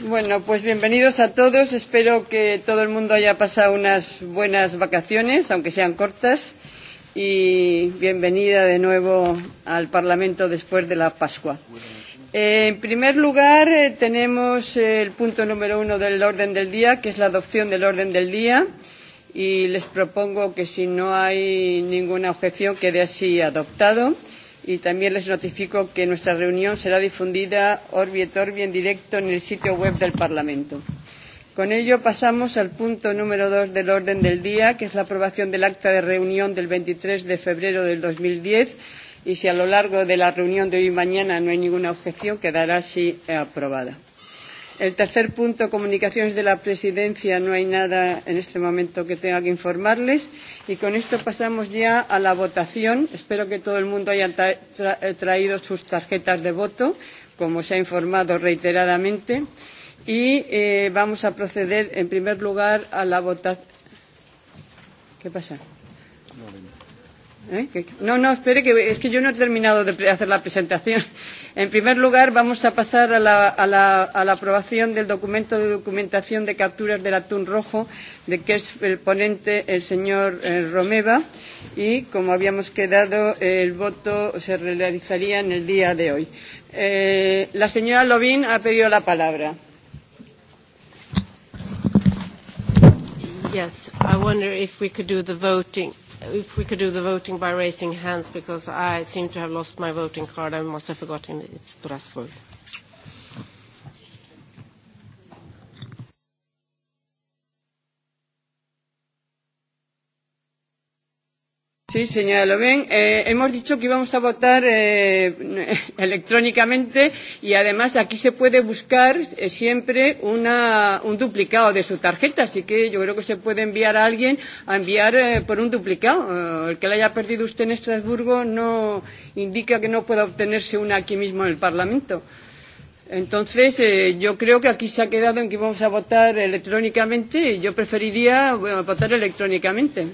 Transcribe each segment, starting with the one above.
Bueno, pues bienvenidos a todos. Espero que todo el mundo haya pasado unas buenas vacaciones, aunque sean cortas. Y bienvenida de nuevo al Parlamento después de la Pascua. Eh, en primer lugar, eh, tenemos el punto número uno del orden del día, que es la adopción del orden del día. Y les propongo que si no hay ninguna objeción quede así adoptado y también les notifico que nuestra reunión será difundida Orbi et Orbi en directo en el sitio web del Parlamento. Con ello pasamos al punto número dos del orden del día, que es la aprobación del acta de reunión del 23 de febrero del 2010 y si a lo largo de la reunión de hoy y mañana no hay ninguna objeción, quedará así aprobada. El tercer punto, comunicaciones de la presidencia. No hay nada en este momento que tenga que informarles. Y con esto pasamos ya a la votación. Espero que todo el mundo haya tra tra traído sus tarjetas de voto, como se ha informado reiteradamente. Y eh, vamos a proceder, en primer lugar, a la votación. ¿Qué pasa? ¿Eh? No, no, espere, que es que yo no he terminado de hacer la presentación. En primer lugar, vamos a pasar a la, a la, a la aprobación del documento de documentación de capturas del atún rojo, de que es el ponente el señor eh, Romeva, y como habíamos quedado, eh, el voto se realizaría en el día de hoy. Eh, la señora Lovín ha pedido la palabra. Yes, I wonder if we could do the voting if we could do the voting by raising hands because I seem to have lost my voting card. I must have forgotten it's Strasbourg. Sí, señora Loven, eh, hemos dicho que íbamos a votar eh, electrónicamente y además aquí se puede buscar eh, siempre una, un duplicado de su tarjeta, así que yo creo que se puede enviar a alguien a enviar eh, por un duplicado. Eh, el que la haya perdido usted en Estrasburgo no indica que no pueda obtenerse una aquí mismo en el Parlamento. Entonces, eh, yo creo que aquí se ha quedado en que vamos a votar electrónicamente y yo preferiría bueno, votar electrónicamente.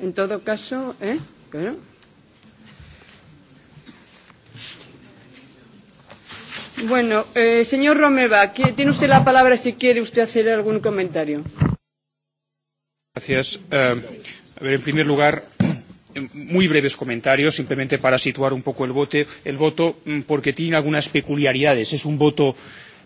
En todo caso, ¿eh? Bueno, eh, señor Romeva, tiene usted la palabra si quiere usted hacer algún comentario. Gracias. Eh, a ver, en primer lugar, muy breves comentarios, simplemente para situar un poco el, vote, el voto, porque tiene algunas peculiaridades. Es un voto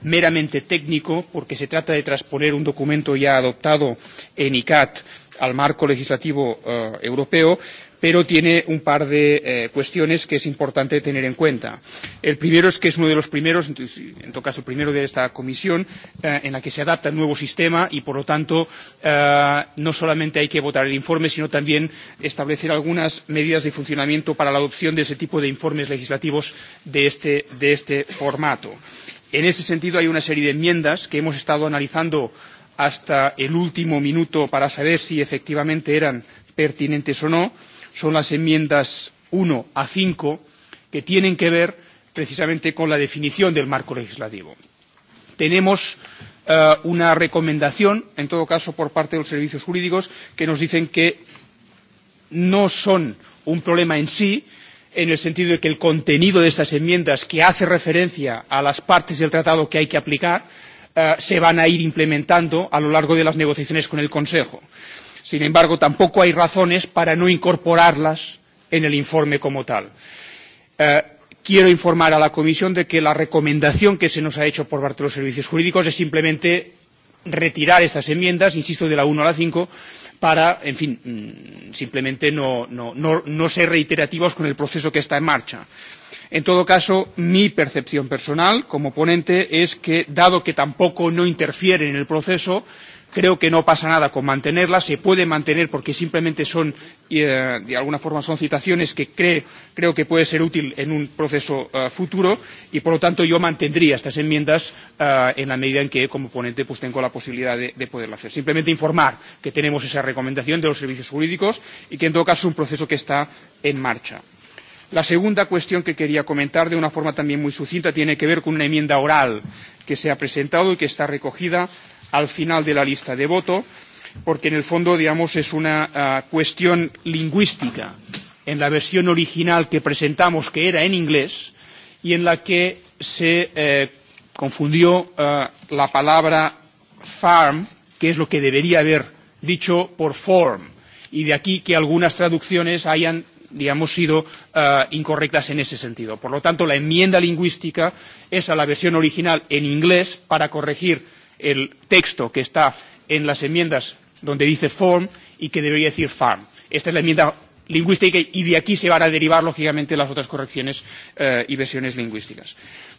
meramente técnico, porque se trata de transponer un documento ya adoptado en ICAT al marco legislativo eh, europeo, pero tiene un par de eh, cuestiones que es importante tener en cuenta. El primero es que es uno de los primeros, en todo caso el primero de esta comisión, eh, en la que se adapta el nuevo sistema y por lo tanto eh, no solamente hay que votar el informe, sino también establecer algunas medidas de funcionamiento para la adopción de ese tipo de informes legislativos de este, de este formato. En ese sentido hay una serie de enmiendas que hemos estado analizando hasta el último minuto para saber si efectivamente eran pertinentes o no son las enmiendas uno a cinco que tienen que ver precisamente con la definición del marco legislativo. Tenemos una recomendación, en todo caso por parte de los servicios jurídicos, que nos dicen que no son un problema en sí, en el sentido de que el contenido de estas enmiendas, que hace referencia a las partes del tratado que hay que aplicar, se van a ir implementando a lo largo de las negociaciones con el Consejo. Sin embargo, tampoco hay razones para no incorporarlas en el informe como tal. quiero informar a la Comisión de que la recomendación que se nos ha hecho por parte de los servicios jurídicos es simplemente retirar estas enmiendas, insisto, de la uno a la cinco, para, en fin, simplemente no, ser reiterativos con el proceso que está en marcha. En todo caso, mi percepción personal como ponente es que, dado que tampoco no interfiere en el proceso, creo que no pasa nada con mantenerla, se puede mantener porque simplemente son, eh, de alguna forma son citaciones que cree, creo que puede ser útil en un proceso eh, futuro y por lo tanto yo mantendría estas enmiendas eh, en la medida en que como ponente pues tengo la posibilidad de, de poderlo hacer. Simplemente informar que tenemos esa recomendación de los servicios jurídicos y que en todo caso es un proceso que está en marcha. La segunda cuestión que quería comentar de una forma también muy sucinta tiene que ver con una enmienda oral que se ha presentado y que está recogida al final de la lista de voto, porque en el fondo, digamos, es una cuestión lingüística. En la versión original que presentamos, que era en inglés, y en la que se confundió la palabra farm, que es lo que debería haber dicho por form, y de aquí que algunas traducciones hayan digamos, sido incorrectas en ese sentido. Por lo tanto, la enmienda lingüística es a la versión original en inglés para corregir el texto que está en las enmiendas donde dice form y que debería decir farm. Esta es la enmienda lingüística y de aquí se van a derivar, lógicamente, las otras correcciones uh, y versiones lingüísticas.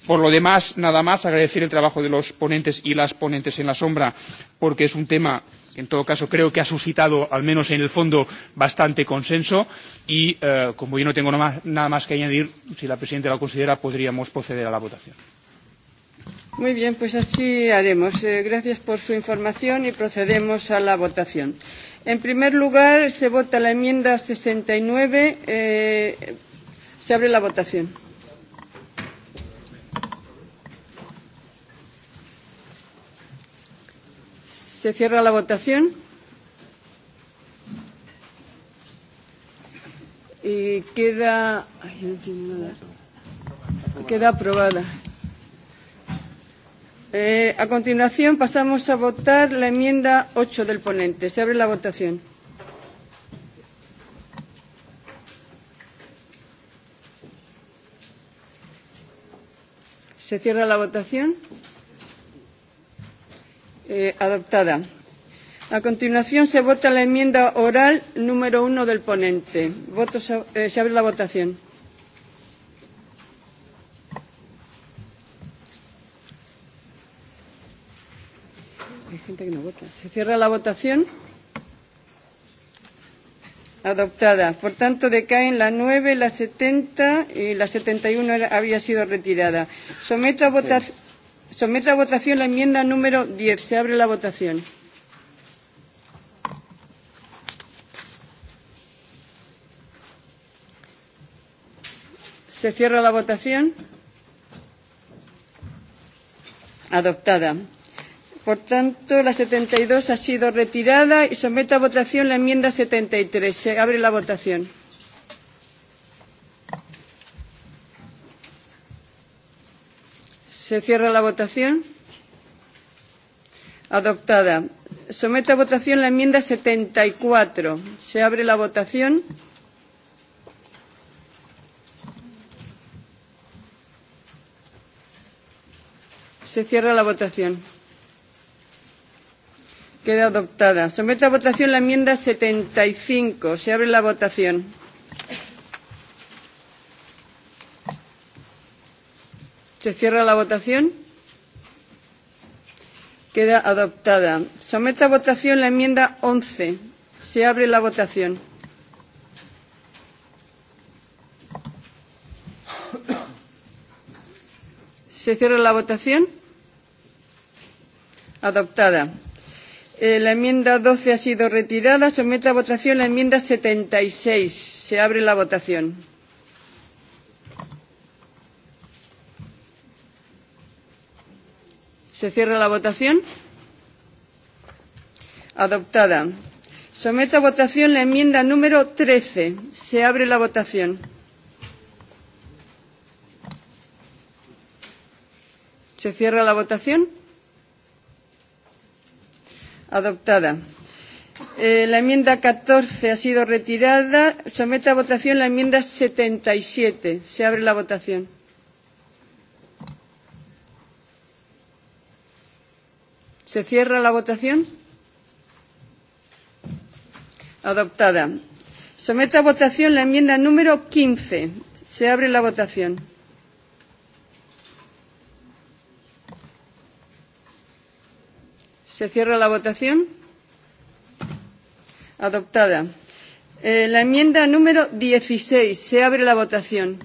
Por lo demás, nada más agradecer el trabajo de los ponentes y las ponentes en la sombra, porque es un tema que en todo caso creo que ha suscitado, al menos en el fondo, bastante consenso y, eh, como yo no tengo nada más que añadir, si la presidenta lo considera, podríamos proceder a la votación. Muy bien, pues así haremos. Eh, gracias por su información y procedemos a la votación. En primer lugar, se vota la enmienda 69. Eh, se abre la votación. Se cierra la votación. Y queda. Ay, no tiene nada. Queda aprobada. Eh, a continuación pasamos a votar la enmienda 8 del ponente. Se abre la votación. Se cierra la votación eh, adoptada. A continuación se vota la enmienda oral número uno del ponente. Voto, eh, se abre la votación. Hay gente que no vota. Se cierra la votación. Adoptada. Por tanto, decaen la 9, la 70 y la 71 había sido retirada. Someto a votación. Sí. Someto a votación la enmienda número 10. Se abre la votación. Se cierra la votación. Adoptada. Por tanto, la 72 ha sido retirada y someto a votación la enmienda 73. Se abre la votación. Se cierra la votación. Adoptada. Someto a votación la enmienda 74. Se abre la votación. Se cierra la votación. Queda adoptada. Someto a votación la enmienda 75. Se abre la votación. Se cierra la votación. Queda adoptada. Someto a votación la enmienda 11. Se abre la votación. Se cierra la votación. Adoptada. Eh, la enmienda 12 ha sido retirada. Someto a votación la enmienda 76. Se abre la votación. Se cierra la votación. Adoptada. Someto a votación la enmienda número 13. Se abre la votación. Se cierra la votación. Adoptada. Eh, la enmienda 14 ha sido retirada. Someto a votación la enmienda 77. Se abre la votación. ¿Se cierra la votación? Adoptada. Someto a votación la enmienda número 15. Se abre la votación. Se cierra la votación. Adoptada. Eh, la enmienda número 16. Se abre la votación.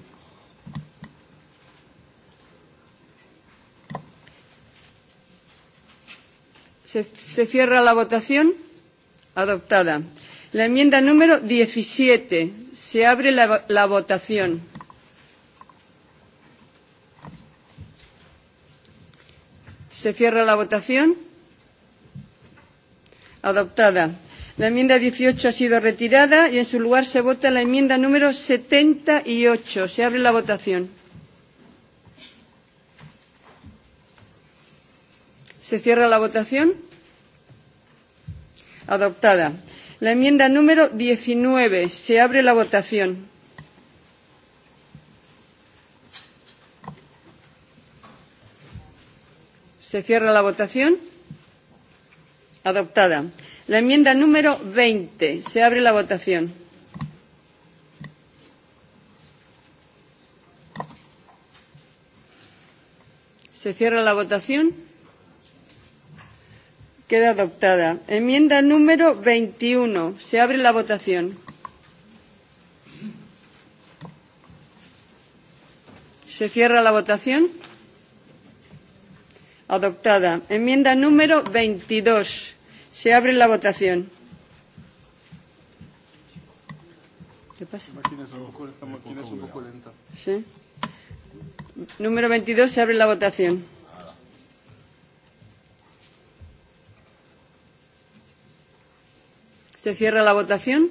Se, se cierra la votación. Adoptada. La enmienda número 17. Se abre la, la votación. Se cierra la votación. Adoptada. La enmienda 18 ha sido retirada y en su lugar se vota la enmienda número 78. Se abre la votación. Se cierra la votación. Adoptada. La enmienda número 19. Se abre la votación. Se cierra la votación. Adoptada. La enmienda número 20. Se abre la votación. Se cierra la votación. Queda adoptada. Enmienda número 21. Se abre la votación. Se cierra la votación. Adoptada. Enmienda número 22. Se abre la votación. ¿Qué pasa? Máquina es un poco lenta. Sí. Número 22. Se abre la votación. Se cierra la votación.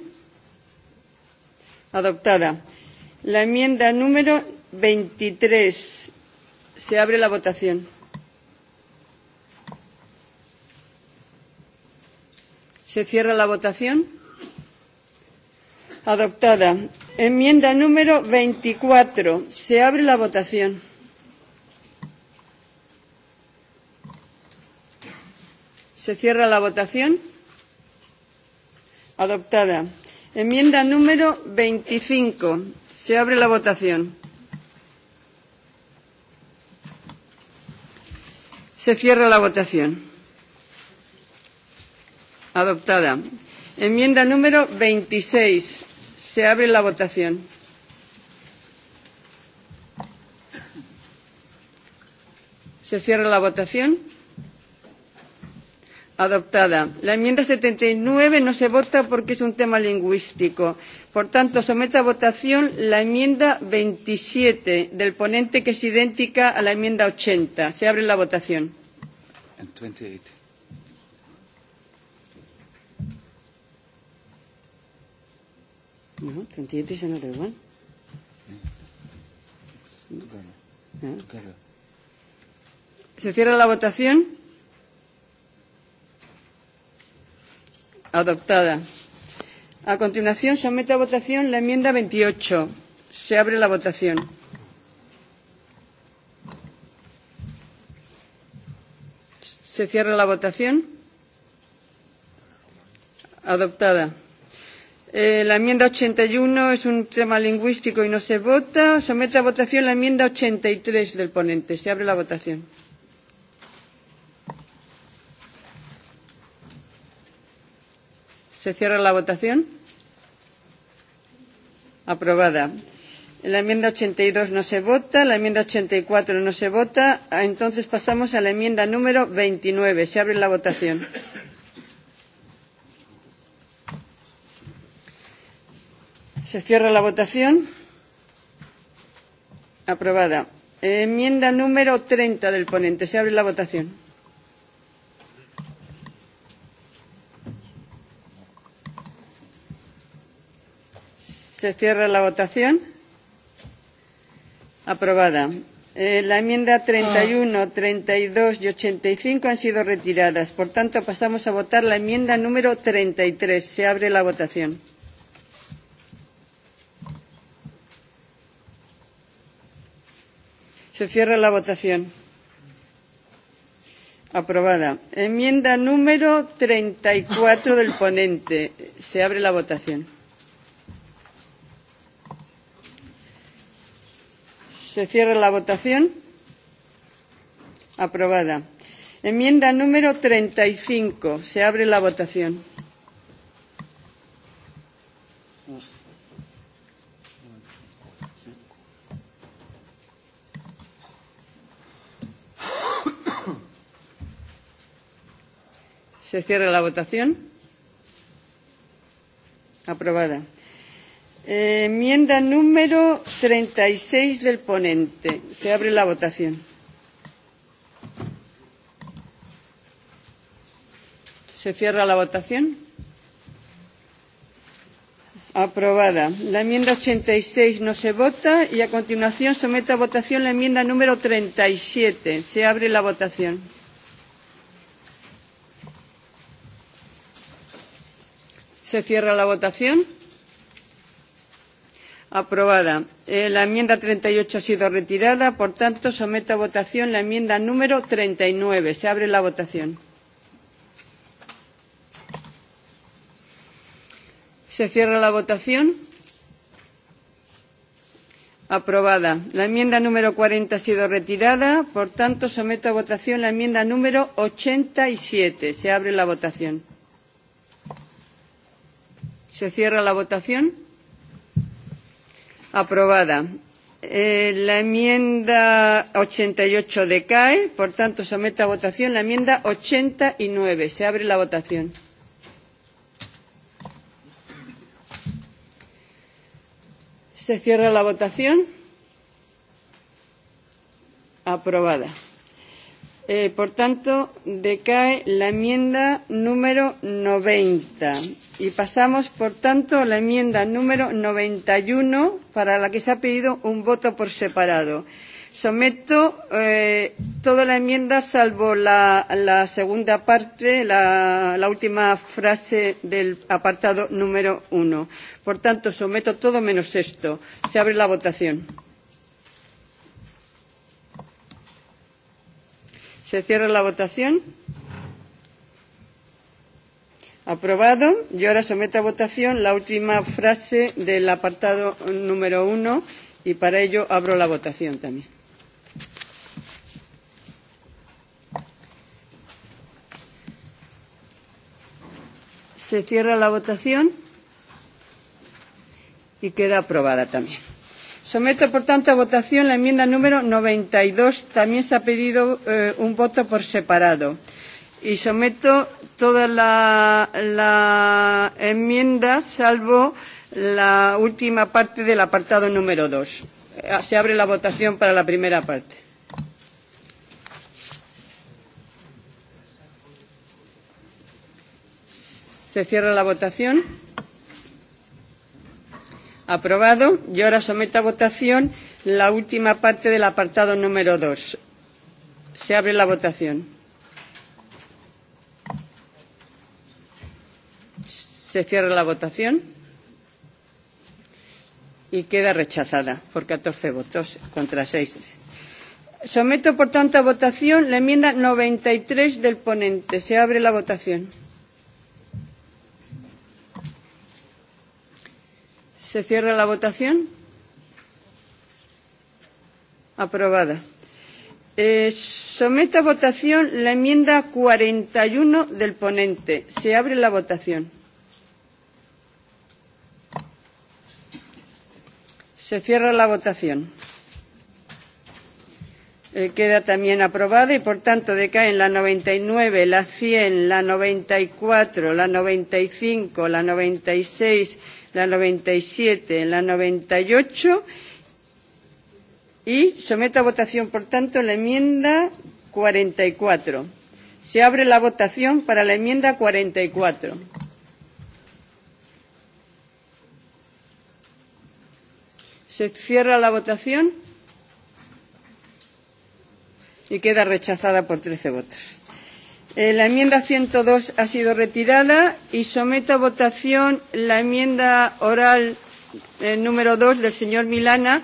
Adoptada. La enmienda número 23. Se abre la votación. Se cierra la votación. Adoptada. Enmienda número 24. Se abre la votación. Se cierra la votación. Adoptada. Enmienda número 25. Se abre la votación. Se cierra la votación. Adoptada. Enmienda número 26. Se abre la votación. Se cierra la votación. Adoptada. La enmienda 79 no se vota porque es un tema lingüístico. Por tanto, someto a votación la enmienda 27 del ponente, que es idéntica a la enmienda 80. Se abre la votación. No, another one. Se cierra la votación. Adoptada. A continuación, someto a votación la enmienda 28. Se abre la votación. Se cierra la votación. Adoptada. Eh, la enmienda 81 es un tema lingüístico y no se vota. Someto a votación la enmienda 83 del ponente. Se abre la votación. Se cierra la votación. Aprobada. La enmienda 82 no se vota, la enmienda 84 no se vota. Entonces pasamos a la enmienda número 29. Se abre la votación. Se cierra la votación. Aprobada. Enmienda número 30 del ponente. Se abre la votación. Se cierra la votación. Aprobada. Eh, la enmienda 31, 32 y 85 han sido retiradas. Por tanto, pasamos a votar la enmienda número 33. Se abre la votación. Se cierra la votación. Aprobada. Enmienda número 34 del ponente. Se abre la votación. Se cierra la votación. Aprobada. Enmienda número 35. Se abre la votación. Se cierra la votación. Aprobada. Enmienda número 36 del ponente. Se abre la votación. Se cierra la votación. Aprobada. La enmienda 86 no se vota y a continuación someto a votación la enmienda número 37. Se abre la votación. Se cierra la votación. Aprobada. Eh, la enmienda 38 ha sido retirada. Por tanto, someto a votación la enmienda número 39. Se abre la votación. Se cierra la votación. Aprobada. La enmienda número 40 ha sido retirada. Por tanto, someto a votación la enmienda número 87. Se abre la votación. Se cierra la votación. Aprobada. Eh, la enmienda 88 decae, por tanto someto a votación la enmienda 89. Se abre la votación. Se cierra la votación. Aprobada. Eh, por tanto, decae la enmienda número 90. Y pasamos, por tanto, a la enmienda número 91, para la que se ha pedido un voto por separado. Someto eh, toda la enmienda, salvo la, la segunda parte, la, la última frase del apartado número 1. Por tanto, someto todo menos esto. Se abre la votación. Se cierra la votación. Aprobado. Y ahora someto a votación la última frase del apartado número uno y para ello abro la votación también. Se cierra la votación y queda aprobada también. Someto, por tanto, a votación la enmienda número 92. También se ha pedido eh, un voto por separado y someto todas las enmiendas salvo la última parte del apartado número 2. Se abre la votación para la primera parte. Se cierra la votación. Aprobado. Y ahora someto a votación la última parte del apartado número 2. Se abre la votación. Se cierra la votación y queda rechazada por 14 votos contra 6. Someto, por tanto, a votación la enmienda 93 del ponente. Se abre la votación. Se cierra la votación. Aprobada. Eh, someto a votación la enmienda 41 del ponente. Se abre la votación. Se cierra la votación. Eh, queda también aprobada y, por tanto, decaen la 99, la 100, la 94, la 95, la 96, la 97, la 98 y someto a votación, por tanto, la enmienda 44. Se abre la votación para la enmienda 44. Se cierra la votación y queda rechazada por 13 votos. Eh, la enmienda 102 ha sido retirada y someto a votación la enmienda oral eh, número 2 del señor Milana,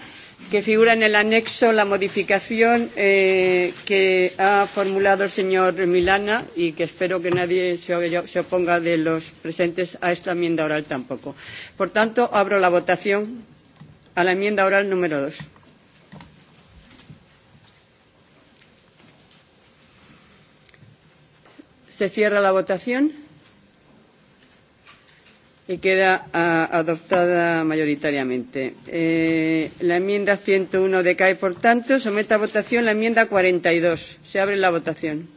que figura en el anexo la modificación eh, que ha formulado el señor Milana y que espero que nadie se, se oponga de los presentes a esta enmienda oral tampoco. Por tanto, abro la votación a la enmienda oral número dos. Se cierra la votación y queda a, adoptada mayoritariamente. Eh, la enmienda 101 decae, por tanto, somete a votación la enmienda 42. Se abre la votación.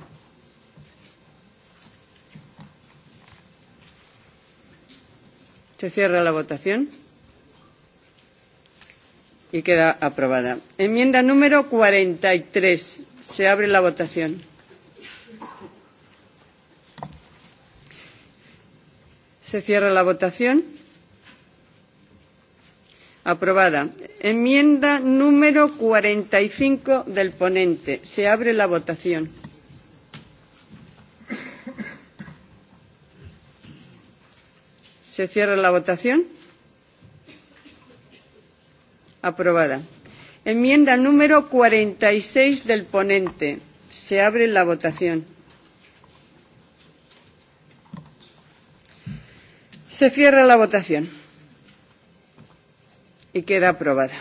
Se cierra la votación y queda aprobada. Enmienda número 43. Se abre la votación. Se cierra la votación. Aprobada. Enmienda número 45 del ponente. Se abre la votación. Se cierra la votación. Aprobada. Enmienda número 46 del ponente. Se abre la votación. Se cierra la votación. Y queda aprobada.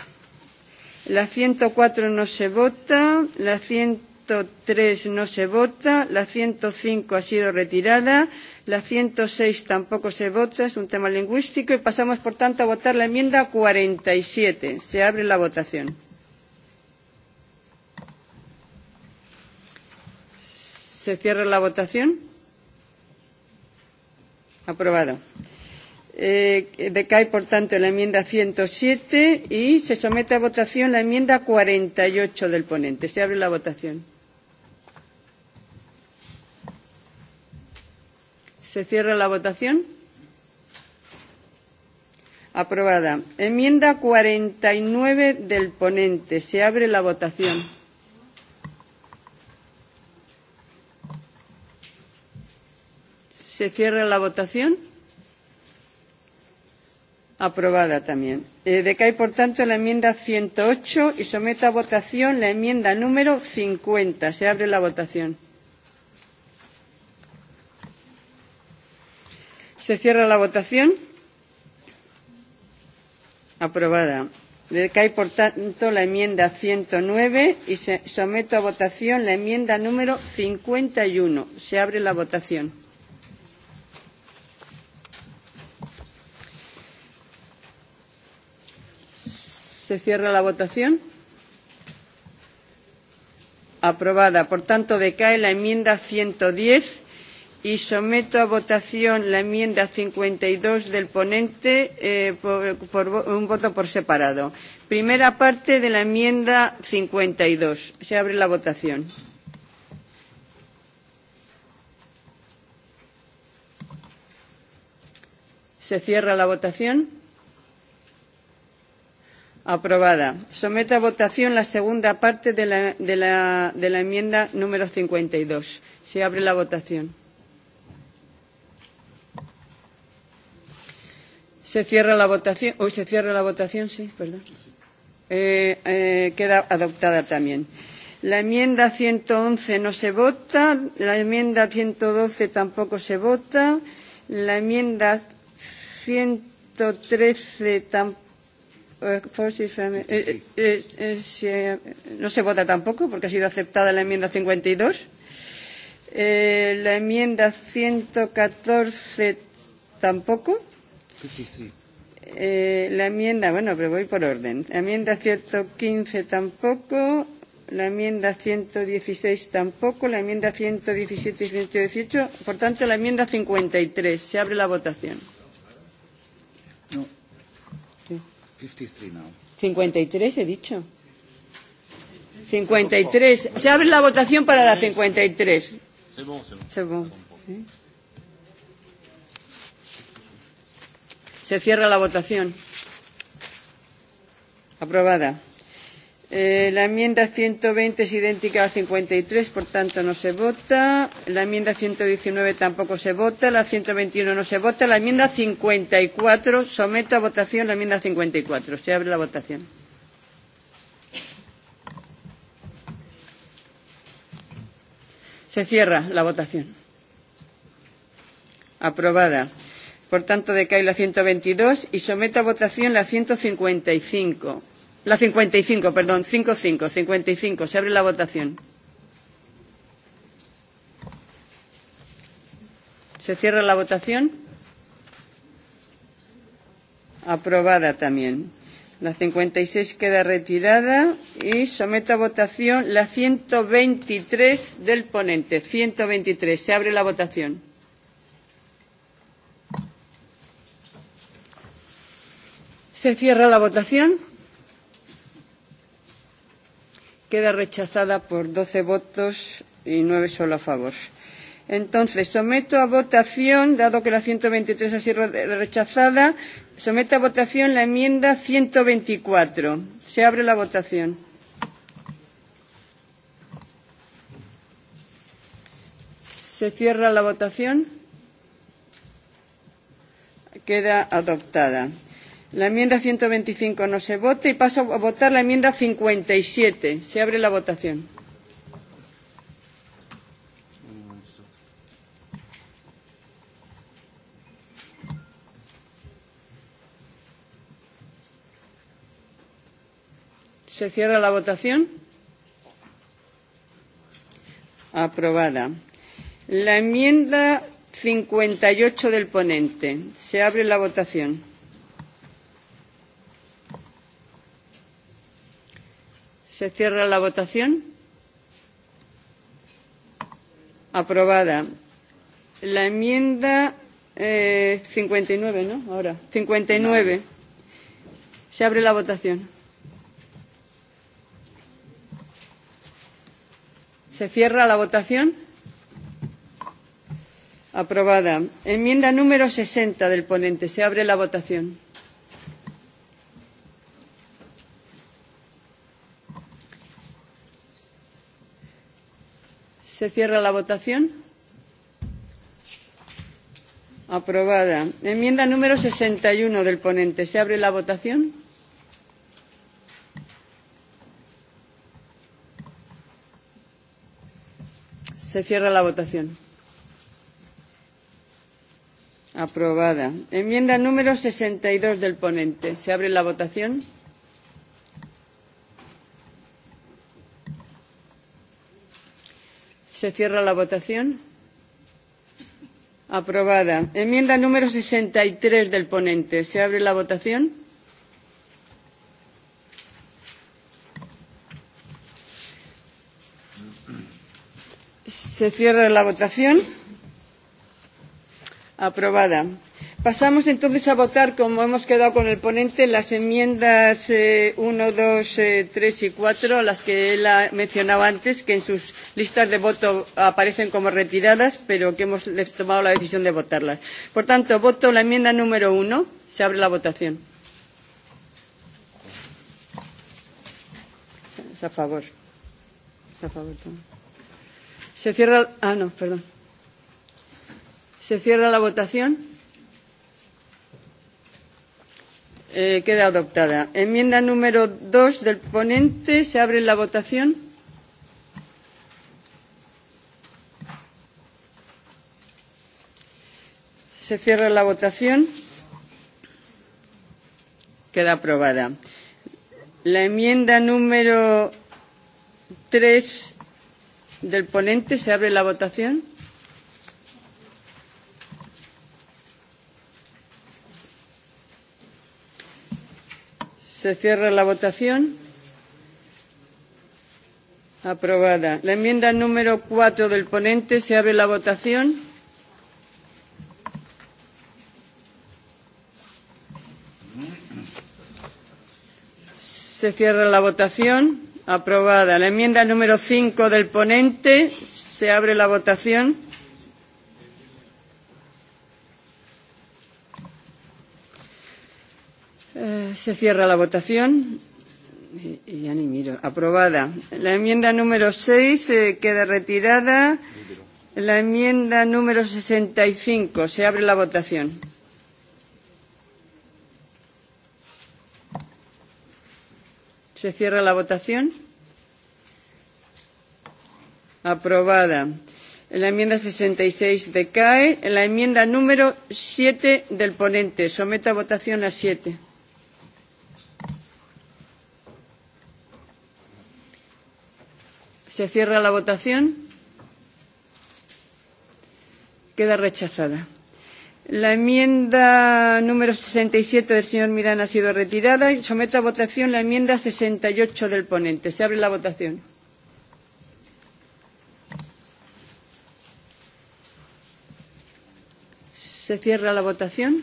La 104 no se vota. La 100 103 tres no se vota, la ciento cinco ha sido retirada, la ciento seis tampoco se vota, es un tema lingüístico y pasamos por tanto a votar la enmienda cuarenta y siete. Se abre la votación. Se cierra la votación. Aprobado. Eh, decae, por tanto, la enmienda 107 y se somete a votación la enmienda 48 del ponente. Se abre la votación. Se cierra la votación. Aprobada. Enmienda 49 del ponente. Se abre la votación. Se cierra la votación. Aprobada también. Eh, decae, por tanto, la enmienda 108 y someto a votación la enmienda número 50. Se abre la votación. Se cierra la votación. Aprobada. Decae, por tanto, la enmienda 109 y se someto a votación la enmienda número 51. Se abre la votación. Se cierra la votación. Aprobada. Por tanto, decae la enmienda 110 y someto a votación la enmienda 52 del ponente eh, por, por un voto por separado. Primera parte de la enmienda 52. Se abre la votación. Se cierra la votación. Aprobada. Someto a votación la segunda parte de la, de la, de la enmienda número 52. Se abre la votación. Se cierra la votación. Hoy se cierra la votación, sí, perdón. Eh, eh, queda adoptada también. La enmienda 111 no se vota. La enmienda 112 tampoco se vota. La enmienda 113 tampoco. No se vota tampoco porque ha sido aceptada la enmienda 52. Eh, la enmienda 114 tampoco. Eh, la enmienda, bueno, pero voy por orden. La enmienda 115 tampoco, la enmienda 116 tampoco, la enmienda 117 y 118, por tanto la enmienda 53. Se abre la votación. No. Sí. 53 he dicho. 53. Se abre la votación para la 53. C'est bon, c'est bon. C'est bon. ¿Sí? Se cierra la votación. Aprobada. Eh, la enmienda 120 es idéntica a 53, por tanto no se vota. La enmienda 119 tampoco se vota. La 121 no se vota. La enmienda 54 someto a votación la enmienda 54. Se abre la votación. Se cierra la votación. Aprobada. Por tanto, decae la 122 y someto a votación la 155. La 55, perdón, 55, 55. Se abre la votación. Se cierra la votación. Aprobada también. La 56 queda retirada y someto a votación la 123 del ponente. 123. Se abre la votación. Se cierra la votación. Queda rechazada por 12 votos y 9 solo a favor. Entonces, someto a votación, dado que la 123 ha sido rechazada, someto a votación la enmienda 124. Se abre la votación. Se cierra la votación. Queda adoptada. La enmienda 125 no se vota y paso a votar la enmienda 57. Se abre la votación. Se cierra la votación. Aprobada. La enmienda 58 del ponente. Se abre la votación. Se cierra la votación. Aprobada. La enmienda eh, 59, ¿no? Ahora, 59. Se abre la votación. Se cierra la votación. Aprobada. Enmienda número 60 del ponente. Se abre la votación. Se cierra la votación. Aprobada. Enmienda número 61 del ponente. ¿Se abre la votación? Se cierra la votación. Aprobada. Enmienda número 62 del ponente. ¿Se abre la votación? Se cierra la votación. Aprobada. Enmienda número 63 del ponente. ¿Se abre la votación? Se cierra la votación. Aprobada. Pasamos entonces a votar, como hemos quedado con el ponente, las enmiendas eh, 1, 2, eh, 3 y 4, las que él mencionaba antes, que en sus listas de voto aparecen como retiradas, pero que hemos tomado la decisión de votarlas. Por tanto, voto la enmienda número uno. Se abre la votación. Es a favor. Es a favor. Se cierra. Ah, no, perdón. Se cierra la votación. Eh, queda adoptada. Enmienda número dos del ponente. Se abre la votación. Se cierra la votación. Queda aprobada. La enmienda número 3 del ponente. ¿Se abre la votación? Se cierra la votación. Aprobada. La enmienda número 4 del ponente. ¿Se abre la votación? Se cierra la votación. Aprobada. La enmienda número 5 del ponente. Se abre la votación. Eh, se cierra la votación. Y, y ya ni miro. Aprobada. La enmienda número 6 eh, queda retirada. La enmienda número 65. Se abre la votación. Se cierra la votación. Aprobada. La enmienda 66 decae. La enmienda número 7 del ponente. Someto a votación a 7. Se cierra la votación. Queda rechazada. La enmienda número 67 del señor Milán ha sido retirada. Someto a votación la enmienda 68 del ponente. Se abre la votación. Se cierra la votación.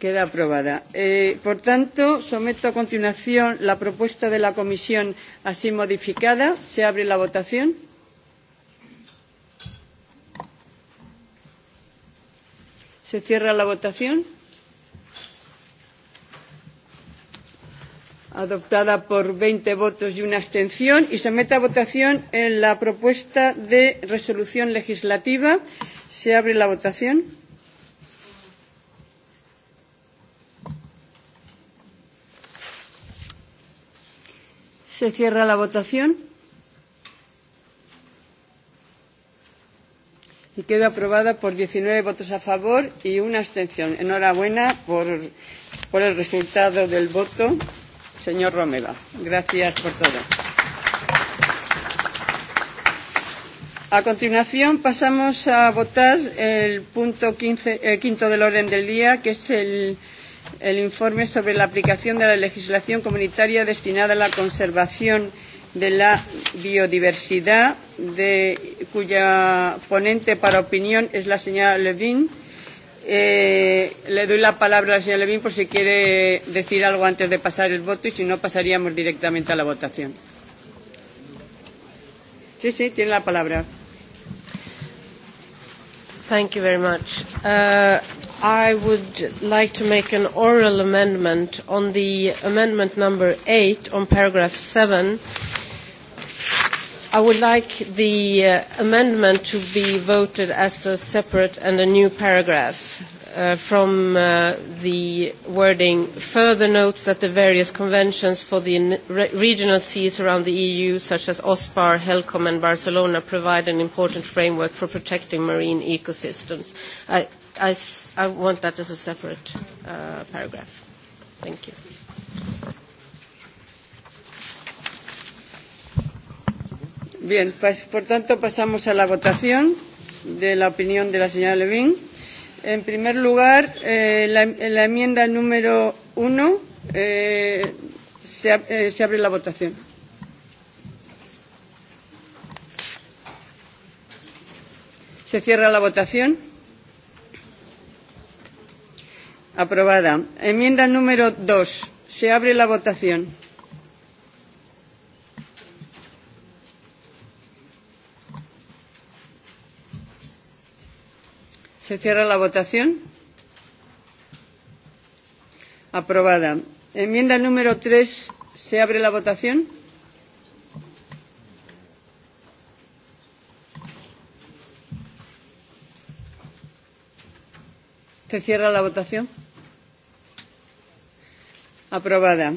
Queda aprobada. Eh, por tanto, someto a continuación la propuesta de la comisión así modificada. Se abre la votación. Se cierra la votación. adoptada por veinte votos y una abstención y somete a votación en la propuesta de resolución legislativa. Se abre la votación. Se cierra la votación. y quedó aprobada por 19 votos a favor y una abstención. Enhorabuena por, por el resultado del voto, señor Romeva. Gracias por todo. A continuación pasamos a votar el punto 15, el quinto del orden del día, que es el, el informe sobre la aplicación de la legislación comunitaria destinada a la conservación de la biodiversidad, de, cuya ponente para opinión es la señora Levin. Eh, le doy la palabra a la señora Levin por si quiere decir algo antes de pasar el voto y si no pasaríamos directamente a la votación. Sí, sí, tiene la palabra. Thank you very much. Uh, I would like to make an oral amendment on the amendment number eight on paragraph seven I would like the amendment to be voted as a separate and a new paragraph from the wording further notes that the various conventions for the regional seas around the EU, such as OSPAR, HELCOM and Barcelona, provide an important framework for protecting marine ecosystems. I, I, I want that as a separate paragraph. Thank you. Bien, pues, por tanto pasamos a la votación de la opinión de la señora Levin. En primer lugar, eh, la, la enmienda número uno eh, se, eh, se abre la votación. Se cierra la votación. Aprobada. Enmienda número dos. Se abre la votación. Se cierra la votación. Aprobada. Enmienda número 3. ¿Se abre la votación? Se cierra la votación. Aprobada.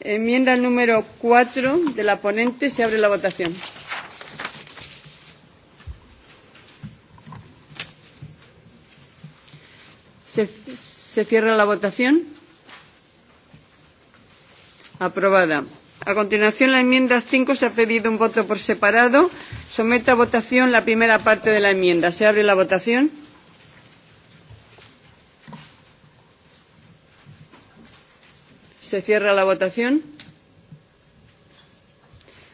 Enmienda número 4 de la ponente. Se abre la votación. Se cierra la votación. Aprobada. A continuación, la enmienda 5 se ha pedido un voto por separado. Someto a votación la primera parte de la enmienda. Se abre la votación. Se cierra la votación.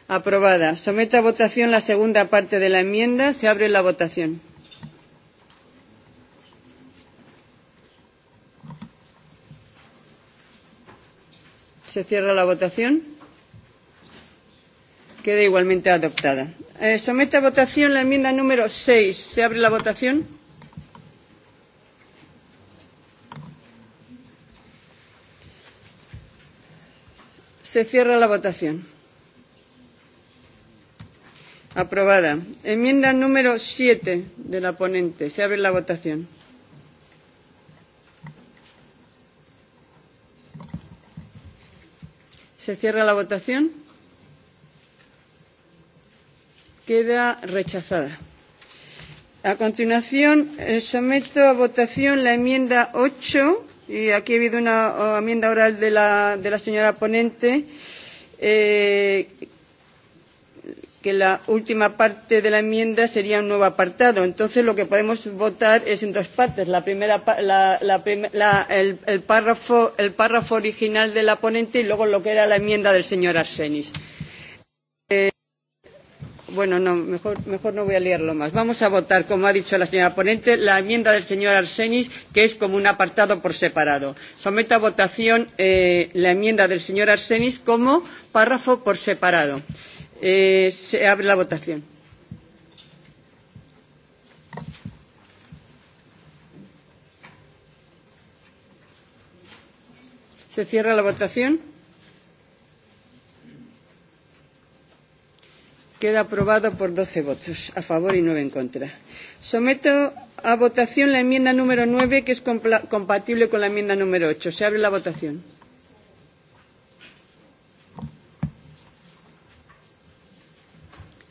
Aprobada. Someto a votación la segunda parte de la enmienda. Se abre la votación. Se cierra la votación. Queda igualmente adoptada. Eh, someto a votación la enmienda número 6. Se abre la votación. Se cierra la votación. Aprobada. Enmienda número 7 de la ponente. Se abre la votación. Se cierra la votación. Queda rechazada. A continuación, someto a votación la enmienda 8, y aquí ha habido una enmienda oral de la, de la señora ponente, eh, que la última parte de la enmienda sería un nuevo apartado. Entonces, lo que podemos votar es en dos partes. La primera, la, la, la, el, el, párrafo, el párrafo original de la ponente y luego lo que era la enmienda del señor Arsenis. Eh, bueno, no, mejor, mejor no voy a leerlo más. Vamos a votar, como ha dicho la señora ponente, la enmienda del señor Arsenis, que es como un apartado por separado. Someto a votación eh, la enmienda del señor Arsenis como párrafo por separado. Eh, se abre la votación. Se cierra la votación. Queda aprobado por 12 votos a favor y 9 en contra. Someto a votación la enmienda número 9, que es compatible con la enmienda número 8. Se abre la votación.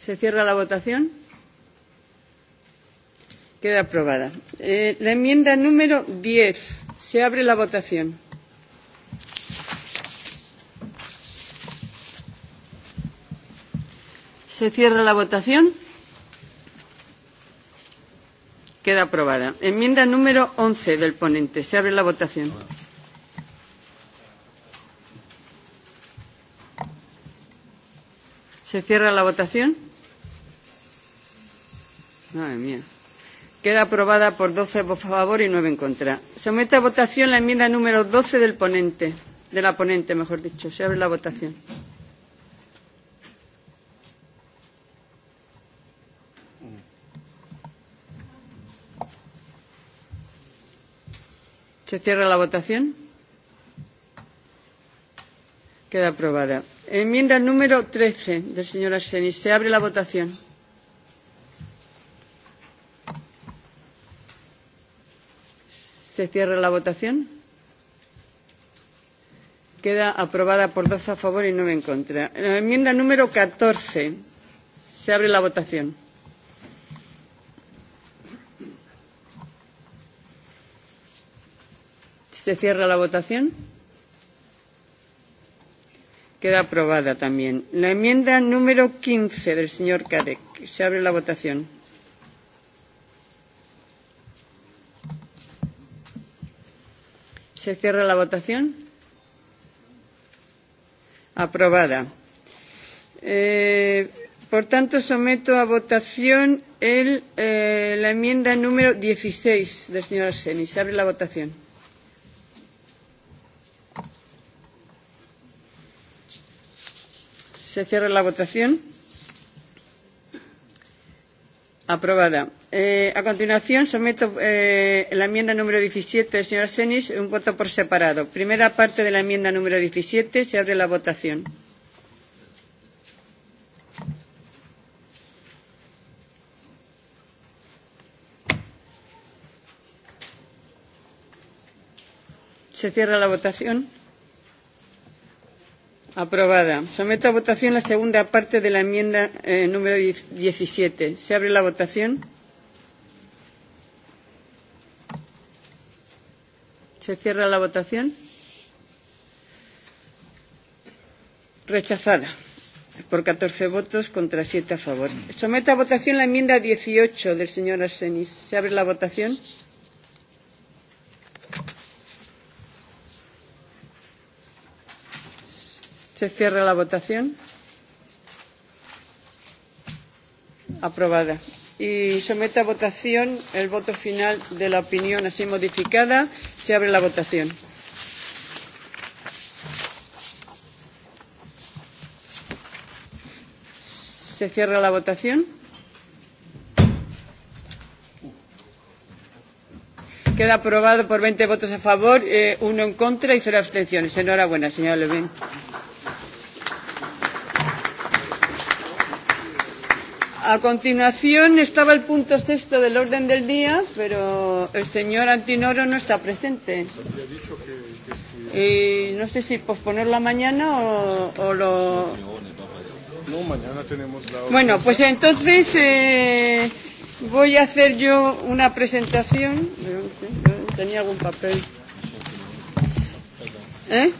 Se cierra la votación. Queda aprobada. Eh, la enmienda número 10. Se abre la votación. Se cierra la votación. Queda aprobada. Enmienda número 11 del ponente. Se abre la votación. Se cierra la votación. Madre mía. Queda aprobada por 12 a favor y 9 en contra. Someto a votación la enmienda número 12 del ponente, de la ponente, mejor dicho. Se abre la votación. Se cierra la votación. Queda aprobada. Enmienda número 13 del señor Arsenis. Se abre la votación. Se cierra la votación. Queda aprobada por 12 a favor y 9 en contra. La enmienda número 14. Se abre la votación. Se cierra la votación. Queda aprobada también. La enmienda número 15 del señor Cadec. Se abre la votación. Se cierra la votación. Aprobada. Eh, por tanto, someto a votación el, eh, la enmienda número 16 del señor Arseni. Se abre la votación. Se cierra la votación. Aprobada. Eh, a continuación, someto eh, la enmienda número 17 del señor Senis, un voto por separado. Primera parte de la enmienda número 17, se abre la votación. Se cierra la votación. Aprobada. Someto a votación la segunda parte de la enmienda eh, número 17. Se abre la votación. Se cierra la votación. Rechazada por 14 votos contra 7 a favor. Someto a votación la enmienda 18 del señor Arsenis. ¿Se abre la votación? Se cierra la votación. Aprobada y someto a votación el voto final de la opinión así modificada. Se abre la votación. Se cierra la votación. Queda aprobado por 20 votos a favor, eh, uno en contra y cero abstenciones. Enhorabuena, señora Levin. A continuación estaba el punto sexto del orden del día, pero el señor Antinoro no está presente. Y no sé si posponerlo a mañana o, o lo. No, mañana tenemos la. Bueno, pues entonces eh, voy a hacer yo una presentación. Tenía algún papel. ¿Eh?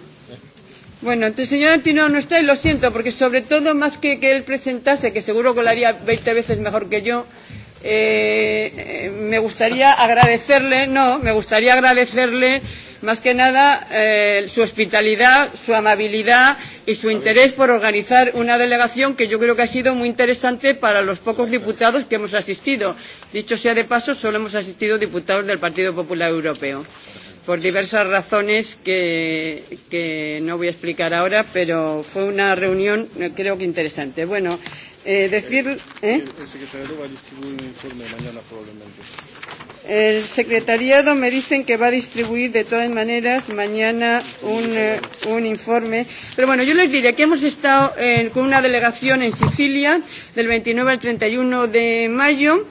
Bueno, entonces señor Antino no está y lo siento, porque sobre todo más que que él presentase, que seguro que lo haría 20 veces mejor que yo, eh, me gustaría agradecerle, no, me gustaría agradecerle más que nada eh, su hospitalidad, su amabilidad y su interés por organizar una delegación que yo creo que ha sido muy interesante para los pocos diputados que hemos asistido. Dicho sea de paso, solo hemos asistido diputados del Partido Popular Europeo por diversas razones que, que no voy a explicar ahora, pero fue una reunión creo que interesante. Bueno, eh, decir. ¿eh? El secretariado va a distribuir un informe mañana probablemente. El secretariado me dicen que va a distribuir de todas maneras mañana un, eh, un informe. Pero bueno, yo les diré que hemos estado eh, con una delegación en Sicilia del 29 al 31 de mayo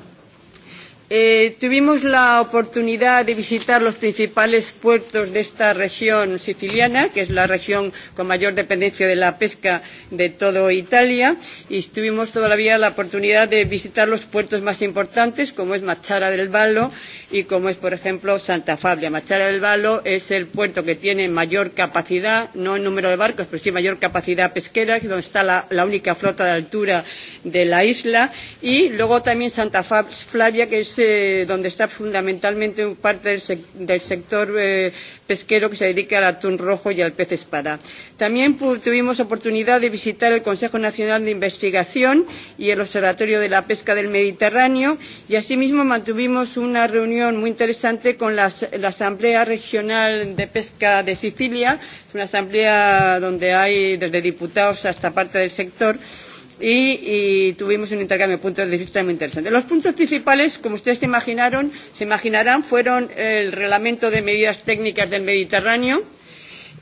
Eh, tuvimos la oportunidad de visitar los principales puertos de esta región siciliana, que es la región con mayor dependencia de la pesca de toda Italia, y tuvimos todavía la oportunidad de visitar los puertos más importantes, como es Machara del Valo y como es, por ejemplo, Santa Fabia. Machara del Valo es el puerto que tiene mayor capacidad, no en número de barcos, pero sí mayor capacidad pesquera, donde está la, la única flota de altura de la isla, y luego también Santa Flavia, que es eh, donde está fundamentalmente parte del, sec del sector eh, pesquero que se dedica al atún rojo y al pez espada. También tuvimos oportunidad de visitar el Consejo Nacional de Investigación y el Observatorio de la Pesca del Mediterráneo y asimismo mantuvimos una reunión muy interesante con la, la Asamblea Regional de Pesca de Sicilia, una asamblea donde hay desde diputados hasta parte del sector. Eh, y, y tuvimos un intercambio de puntos de vista muy interesante. Los puntos principales, como ustedes se imaginaron, se imaginarán, fueron el reglamento de medidas técnicas del Mediterráneo,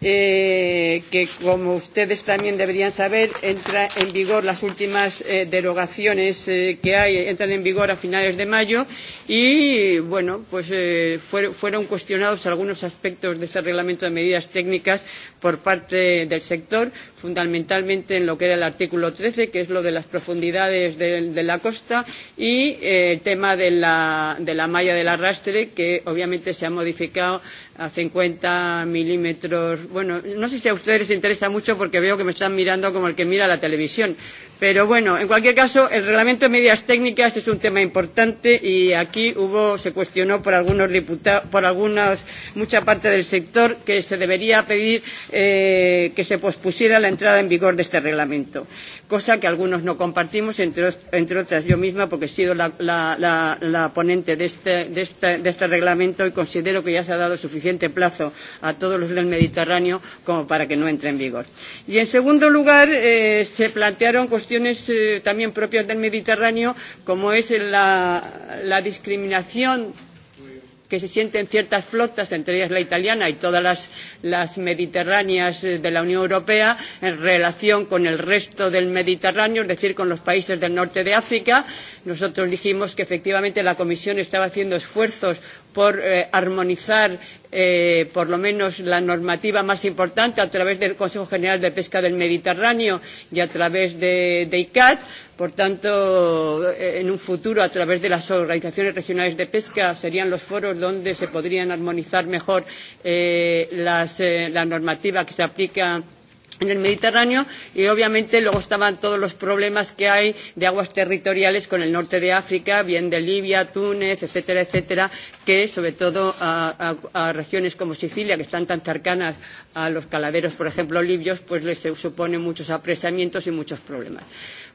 eh, que como ustedes también deberían saber, entra en vigor las últimas eh, derogaciones eh, que hay, entran en vigor a finales de mayo y, bueno, pues eh, fueron, fueron cuestionados algunos aspectos de ese reglamento de medidas técnicas por parte del sector, fundamentalmente en lo que era el artículo 13, que es lo de las profundidades de, de la costa, y eh, el tema de la, de la malla del arrastre, que obviamente se ha modificado a 50 milímetros. Bueno, no sé si a ustedes les interesa mucho porque veo que me están mirando como el que mira la televisión, Pero bueno, en cualquier caso, el reglamento de medidas técnicas es un tema importante y aquí hubo, se cuestionó por algunos diputados, por algunas, mucha parte del sector que se debería pedir eh, que se pospusiera la entrada en vigor de este reglamento, cosa que algunos no compartimos, entre, entre otras yo misma, porque he sido la, la, la, la ponente de este, de, este, de este reglamento y considero que ya se ha dado suficiente plazo a todos los del Mediterráneo como para que no entre en vigor. Y en segundo lugar, eh, se plantearon cuestiones cuestiones también propias del Mediterráneo, como es la discriminación que se sienten ciertas flotas, entre ellas la italiana y todas las, las mediterráneas de la Unión Europea, en relación con el resto del Mediterráneo, es decir, con los países del norte de África. Nosotros dijimos que efectivamente la Comisión estaba haciendo esfuerzos por eh, armonizar eh, por lo menos la normativa más importante a través del Consejo General de Pesca del Mediterráneo y a través de, de ICAT. Por tanto, en un futuro, a través de las organizaciones regionales de pesca, serían los foros donde se podrían armonizar mejor eh, las, eh, la normativa que se aplica en el Mediterráneo y obviamente luego estaban todos los problemas que hay de aguas territoriales con el norte de África, bien de Libia, Túnez, etcétera, etcétera, que sobre todo a, a, a regiones como Sicilia, que están tan cercanas a los caladeros, por ejemplo, libios, pues les supone muchos apresamientos y muchos problemas.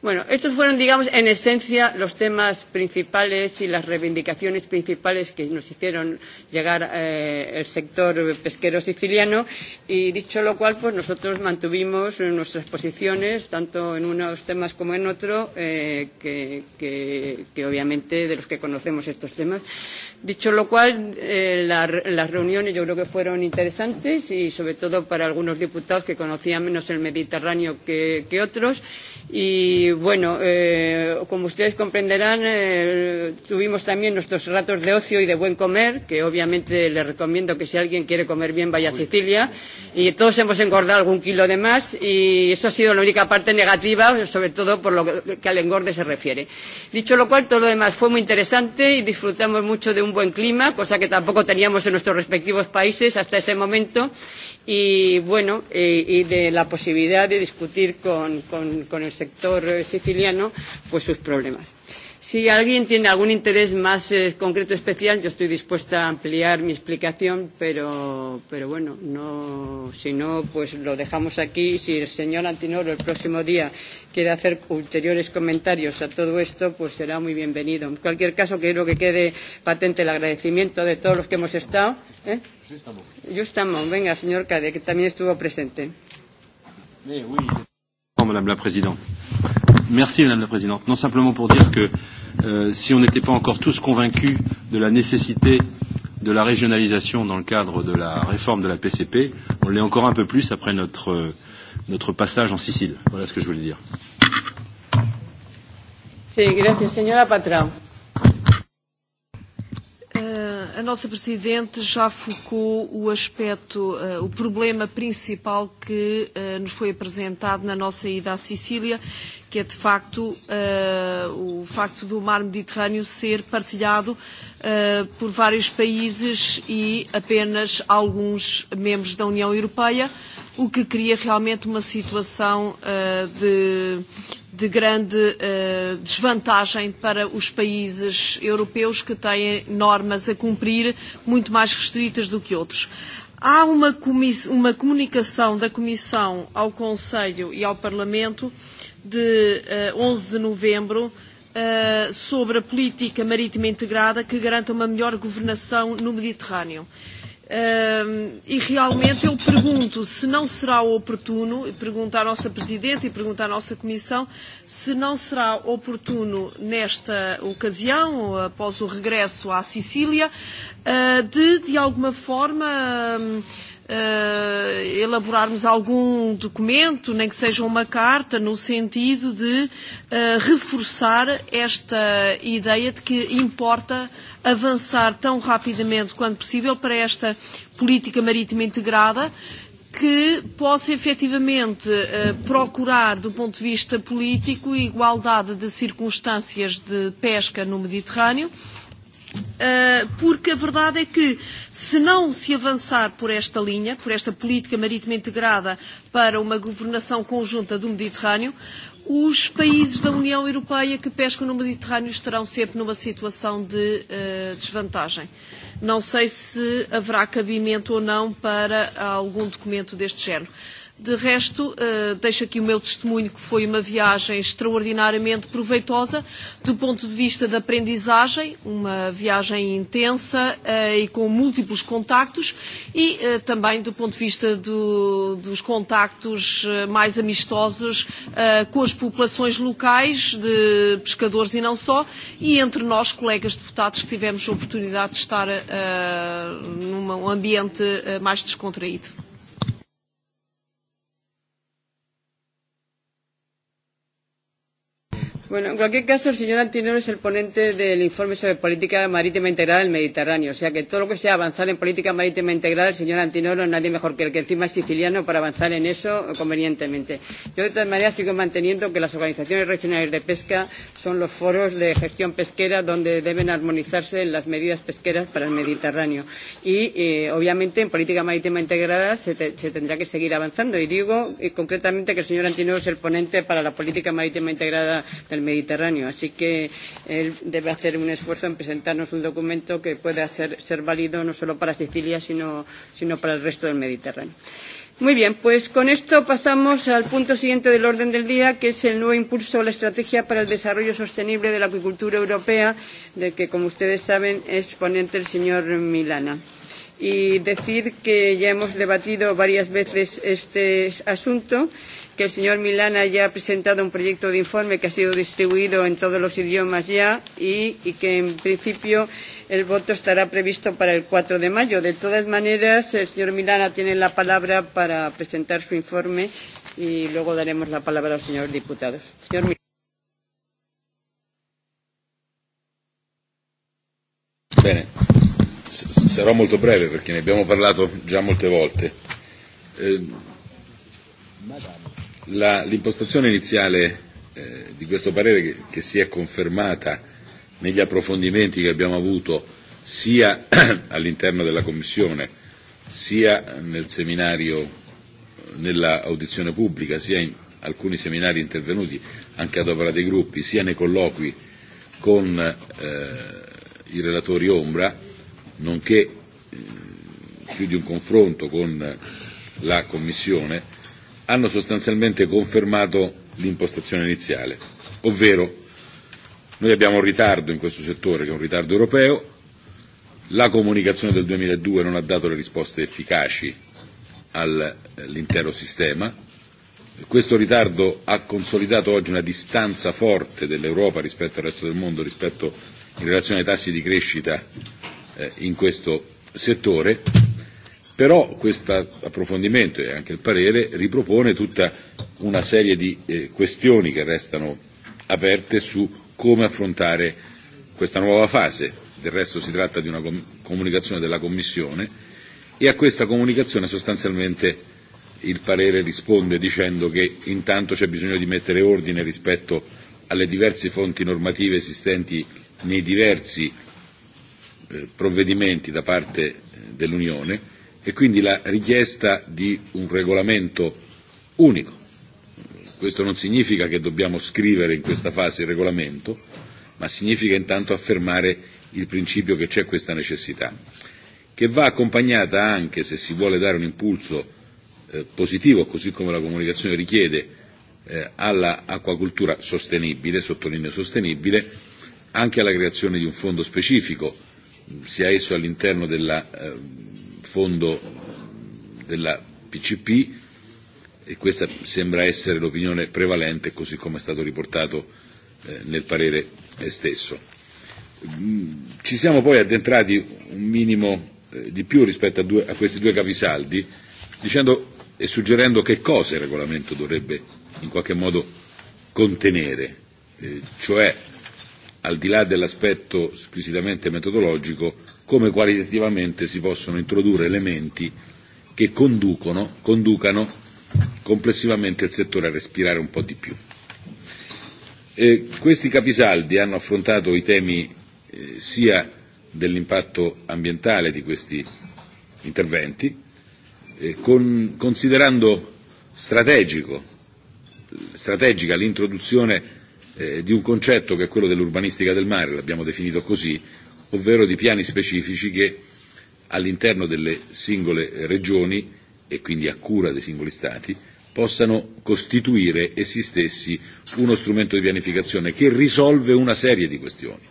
Bueno, estos fueron, digamos, en esencia los temas principales y las reivindicaciones principales que nos hicieron llegar eh, el sector pesquero siciliano y dicho lo cual, pues nosotros mantuvimos nuestras posiciones tanto en unos temas como en otro, eh, que, que, que obviamente de los que conocemos estos temas. Dicho lo cual, eh, la, las reuniones yo creo que fueron interesantes y sobre todo para algunos diputados que conocían menos el Mediterráneo que, que otros. Y bueno, eh, como ustedes comprenderán, eh, tuvimos también nuestros ratos de ocio y de buen comer, que obviamente les recomiendo que si alguien quiere comer bien vaya a Sicilia. Y todos hemos engordado algún kilo de más y eso ha sido la única parte negativa, sobre todo por lo que al engorde se refiere. Dicho lo cual, todo lo demás fue muy interesante y disfrutamos mucho de un buen clima, cosa que tampoco teníamos en nuestros respectivos países hasta ese momento, y bueno, eh, y de la posibilidad de discutir con, con, con el sector siciliano pues sus problemas. Si alguien tiene algún interés más eh, concreto especial, yo estoy dispuesta a ampliar mi explicación, pero, pero bueno, no, si no, pues lo dejamos aquí. Si el señor Antinoro el próximo día quiere hacer ulteriores comentarios a todo esto, pues será muy bienvenido. En cualquier caso, quiero que quede patente el agradecimiento de todos los que hemos estado. ¿eh? Yo estamos. Venga, señor Cade, que también estuvo presente. Madame la Présidente Merci Madame la Présidente. Non simplement pour dire que euh, si on n'était pas encore tous convaincus de la nécessité de la régionalisation dans le cadre de la réforme de la PCP, on l'est encore un peu plus après notre, euh, notre passage en Sicile. Voilà ce que je voulais dire. Sí, gracias, señora Patrao a nossa Presidente já focou o aspecto, o problema principal que nos foi apresentado na nossa ida à Sicília, que é de facto o facto do mar Mediterrâneo ser partilhado por vários países e apenas alguns membros da União Europeia, o que cria realmente uma situação de de grande uh, desvantagem para os países europeus que têm normas a cumprir muito mais restritas do que outros. Há uma, uma comunicação da Comissão ao Conselho e ao Parlamento de uh, 11 de novembro uh, sobre a política marítima integrada que garanta uma melhor governação no Mediterrâneo. Uh, e realmente eu pergunto se não será oportuno, pergunto à nossa Presidente e pergunto à nossa Comissão, se não será oportuno nesta ocasião, após o regresso à Sicília, de, de alguma forma, uh, elaborarmos algum documento, nem que seja uma carta, no sentido de uh, reforçar esta ideia de que importa avançar tão rapidamente quanto possível para esta política marítima integrada que possa efetivamente procurar, do ponto de vista político, igualdade de circunstâncias de pesca no Mediterrâneo, uh, porque a verdade é que, se não se avançar por esta linha, por esta política marítima integrada para uma governação conjunta do Mediterrâneo, os países da União Europeia que pescam no Mediterrâneo estarão sempre numa situação de desvantagem. Não sei se haverá cabimento ou não para algum documento deste género. De resto, uh, deixo aqui o meu testemunho que foi uma viagem extraordinariamente proveitosa do ponto de vista da aprendizagem, uma viagem intensa uh, e com múltiplos contactos e uh, também do ponto de vista do, dos contactos uh, mais amistosos uh, com as populações locais de pescadores e não só e entre nós, colegas deputados, que tivemos a oportunidade de estar uh, num ambiente uh, mais descontraído. Bueno, en cualquier caso, el señor Antinoro es el ponente del informe sobre política marítima integrada del Mediterráneo. O sea que todo lo que sea avanzar en política marítima integrada, el señor Antinoro, nadie mejor que el que encima es siciliano para avanzar en eso convenientemente. Yo, de todas maneras, sigo manteniendo que las organizaciones regionales de pesca son los foros de gestión pesquera donde deben armonizarse las medidas pesqueras para el Mediterráneo. Y, eh, obviamente, en política marítima integrada se, te, se tendrá que seguir avanzando. Y digo y concretamente que el señor Antinoro es el ponente para la política marítima integrada del el Mediterráneo. Así que él debe hacer un esfuerzo en presentarnos un documento que pueda ser, ser válido no solo para Sicilia, sino, sino para el resto del Mediterráneo. Muy bien, pues con esto pasamos al punto siguiente del orden del día, que es el nuevo impulso a la estrategia para el desarrollo sostenible de la acuicultura europea, del que, como ustedes saben, es ponente el señor Milana. Y decir que ya hemos debatido varias veces este asunto que el señor Milana ya ha presentado un proyecto de informe que ha sido distribuido en todos los idiomas ya y, y que en principio el voto estará previsto para el 4 de mayo. De todas maneras, el señor Milana tiene la palabra para presentar su informe y luego daremos la palabra a los señores diputados. Señor Milana. Bene, sarò molto breve perché ne abbiamo parlato già molte volte. Eh, l'impostazione iniziale eh, di questo parere che, che si è confermata negli approfondimenti che abbiamo avuto sia all'interno della Commissione sia nel seminario nell'audizione pubblica, sia in alcuni seminari intervenuti anche ad opera dei gruppi, sia nei colloqui con eh, i relatori ombra, nonché eh, più di un confronto con la Commissione, hanno sostanzialmente confermato l'impostazione iniziale, ovvero noi abbiamo un ritardo in questo settore che è un ritardo europeo, la comunicazione del 2002 non ha dato le risposte efficaci all'intero sistema, questo ritardo ha consolidato oggi una distanza forte dell'Europa rispetto al resto del mondo, rispetto in relazione ai tassi di crescita in questo settore Però questo approfondimento e anche il parere ripropone tutta una serie di eh, questioni che restano aperte su come affrontare questa nuova fase. Del resto si tratta di una com- comunicazione della Commissione e a questa comunicazione sostanzialmente il parere risponde dicendo che intanto c'è bisogno di mettere ordine rispetto alle diverse fonti normative esistenti nei diversi eh, provvedimenti da parte dell'Unione e quindi la richiesta di un regolamento unico. Questo non significa che dobbiamo scrivere in questa fase il regolamento, ma significa intanto affermare il principio che c'è questa necessità, che va accompagnata anche, se si vuole dare un impulso eh, positivo, così come la comunicazione richiede, eh, all'acquacultura sostenibile, sottolineo sostenibile, anche alla creazione di un fondo specifico, sia esso all'interno della eh, fondo della PCP e questa sembra essere l'opinione prevalente così come è stato riportato nel parere stesso. Ci siamo poi addentrati un minimo di più rispetto a, due, a questi due capisaldi dicendo e suggerendo che cosa il regolamento dovrebbe in qualche modo contenere, cioè al di là dell'aspetto squisitamente metodologico come qualitativamente si possono introdurre elementi che conducono, conducano complessivamente il settore a respirare un po' di più. E questi capisaldi hanno affrontato i temi eh, sia dell'impatto ambientale di questi interventi, eh, con, considerando strategico, strategica l'introduzione eh, di un concetto che è quello dell'urbanistica del mare, l'abbiamo definito così, ovvero di piani specifici che all'interno delle singole regioni e quindi a cura dei singoli Stati possano costituire essi stessi uno strumento di pianificazione che risolve una serie di questioni.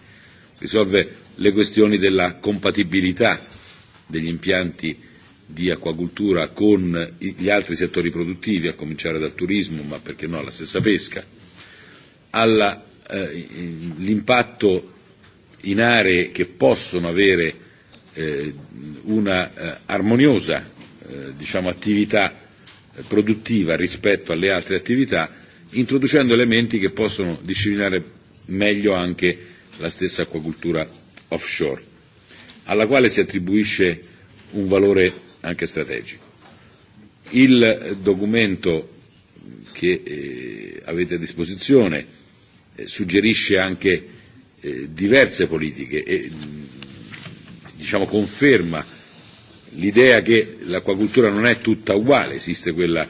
Risolve le questioni della compatibilità degli impianti di acquacultura con gli altri settori produttivi, a cominciare dal turismo, ma perché no, alla stessa pesca, all'impatto in aree che possono avere eh, una eh, armoniosa eh, diciamo, attività produttiva rispetto alle altre attività, introducendo elementi che possono disciplinare meglio anche la stessa acquacultura offshore, alla quale si attribuisce un valore anche strategico. Il documento che eh, avete a disposizione eh, suggerisce anche diverse politiche e diciamo, conferma l'idea che l'acquacultura non è tutta uguale, esiste quella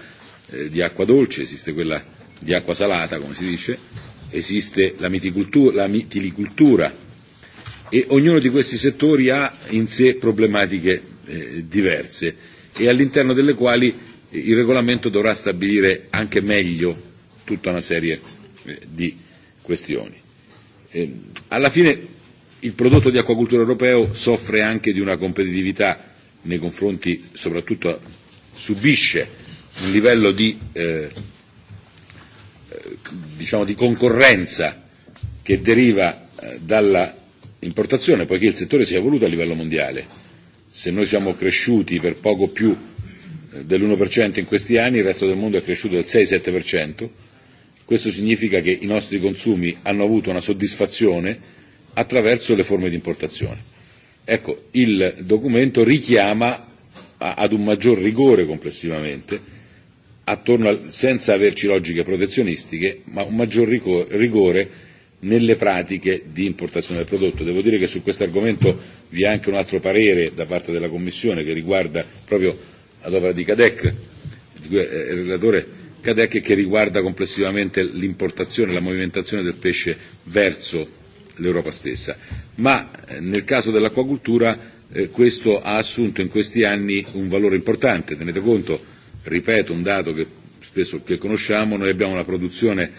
eh, di acqua dolce, esiste quella di acqua salata, come si dice, esiste la, la mitilicultura e ognuno di questi settori ha in sé problematiche eh, diverse e all'interno delle quali il regolamento dovrà stabilire anche meglio tutta una serie eh, di questioni. Eh, alla fine il prodotto di acquacultura europeo soffre anche di una competitività nei confronti, soprattutto subisce un livello di, eh, diciamo di concorrenza che deriva eh, dalla importazione, poiché il settore si è evoluto a livello mondiale. Se noi siamo cresciuti per poco più dell'1% in questi anni, il resto del mondo è cresciuto del 6-7%, Questo significa che i nostri consumi hanno avuto una soddisfazione attraverso le forme di importazione. Ecco, il documento richiama ad un maggior rigore complessivamente, attorno al, senza averci logiche protezionistiche, ma un maggior rigore nelle pratiche di importazione del prodotto. Devo dire che su questo argomento vi è anche un altro parere da parte della Commissione che riguarda proprio ad opera di Cadec, il relatore Cadec che riguarda complessivamente l'importazione e la movimentazione del pesce verso l'Europa stessa. Ma nel caso dell'acquacultura questo ha assunto in questi anni un valore importante. Tenete conto, ripeto, un dato che spesso che conosciamo, noi abbiamo una produzione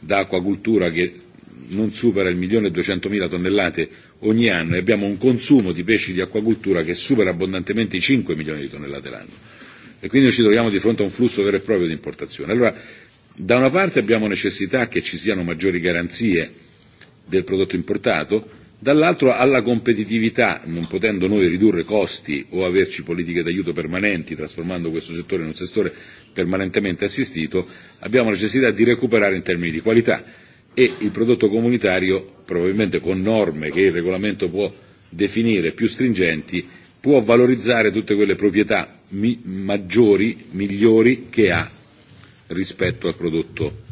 da acquacultura che non supera il milione e duecentomila tonnellate ogni anno e abbiamo un consumo di pesci di acquacultura che supera abbondantemente i cinque milioni di tonnellate l'anno e quindi noi ci troviamo di fronte a un flusso vero e proprio di importazione. Allora, da una parte abbiamo necessità che ci siano maggiori garanzie del prodotto importato, dall'altro alla competitività, non potendo noi ridurre costi o averci politiche d'aiuto permanenti, trasformando questo settore in un settore permanentemente assistito, abbiamo necessità di recuperare in termini di qualità e il prodotto comunitario, probabilmente con norme che il regolamento può definire più stringenti, può valorizzare tutte quelle proprietà mi- maggiori, migliori che ha rispetto al prodotto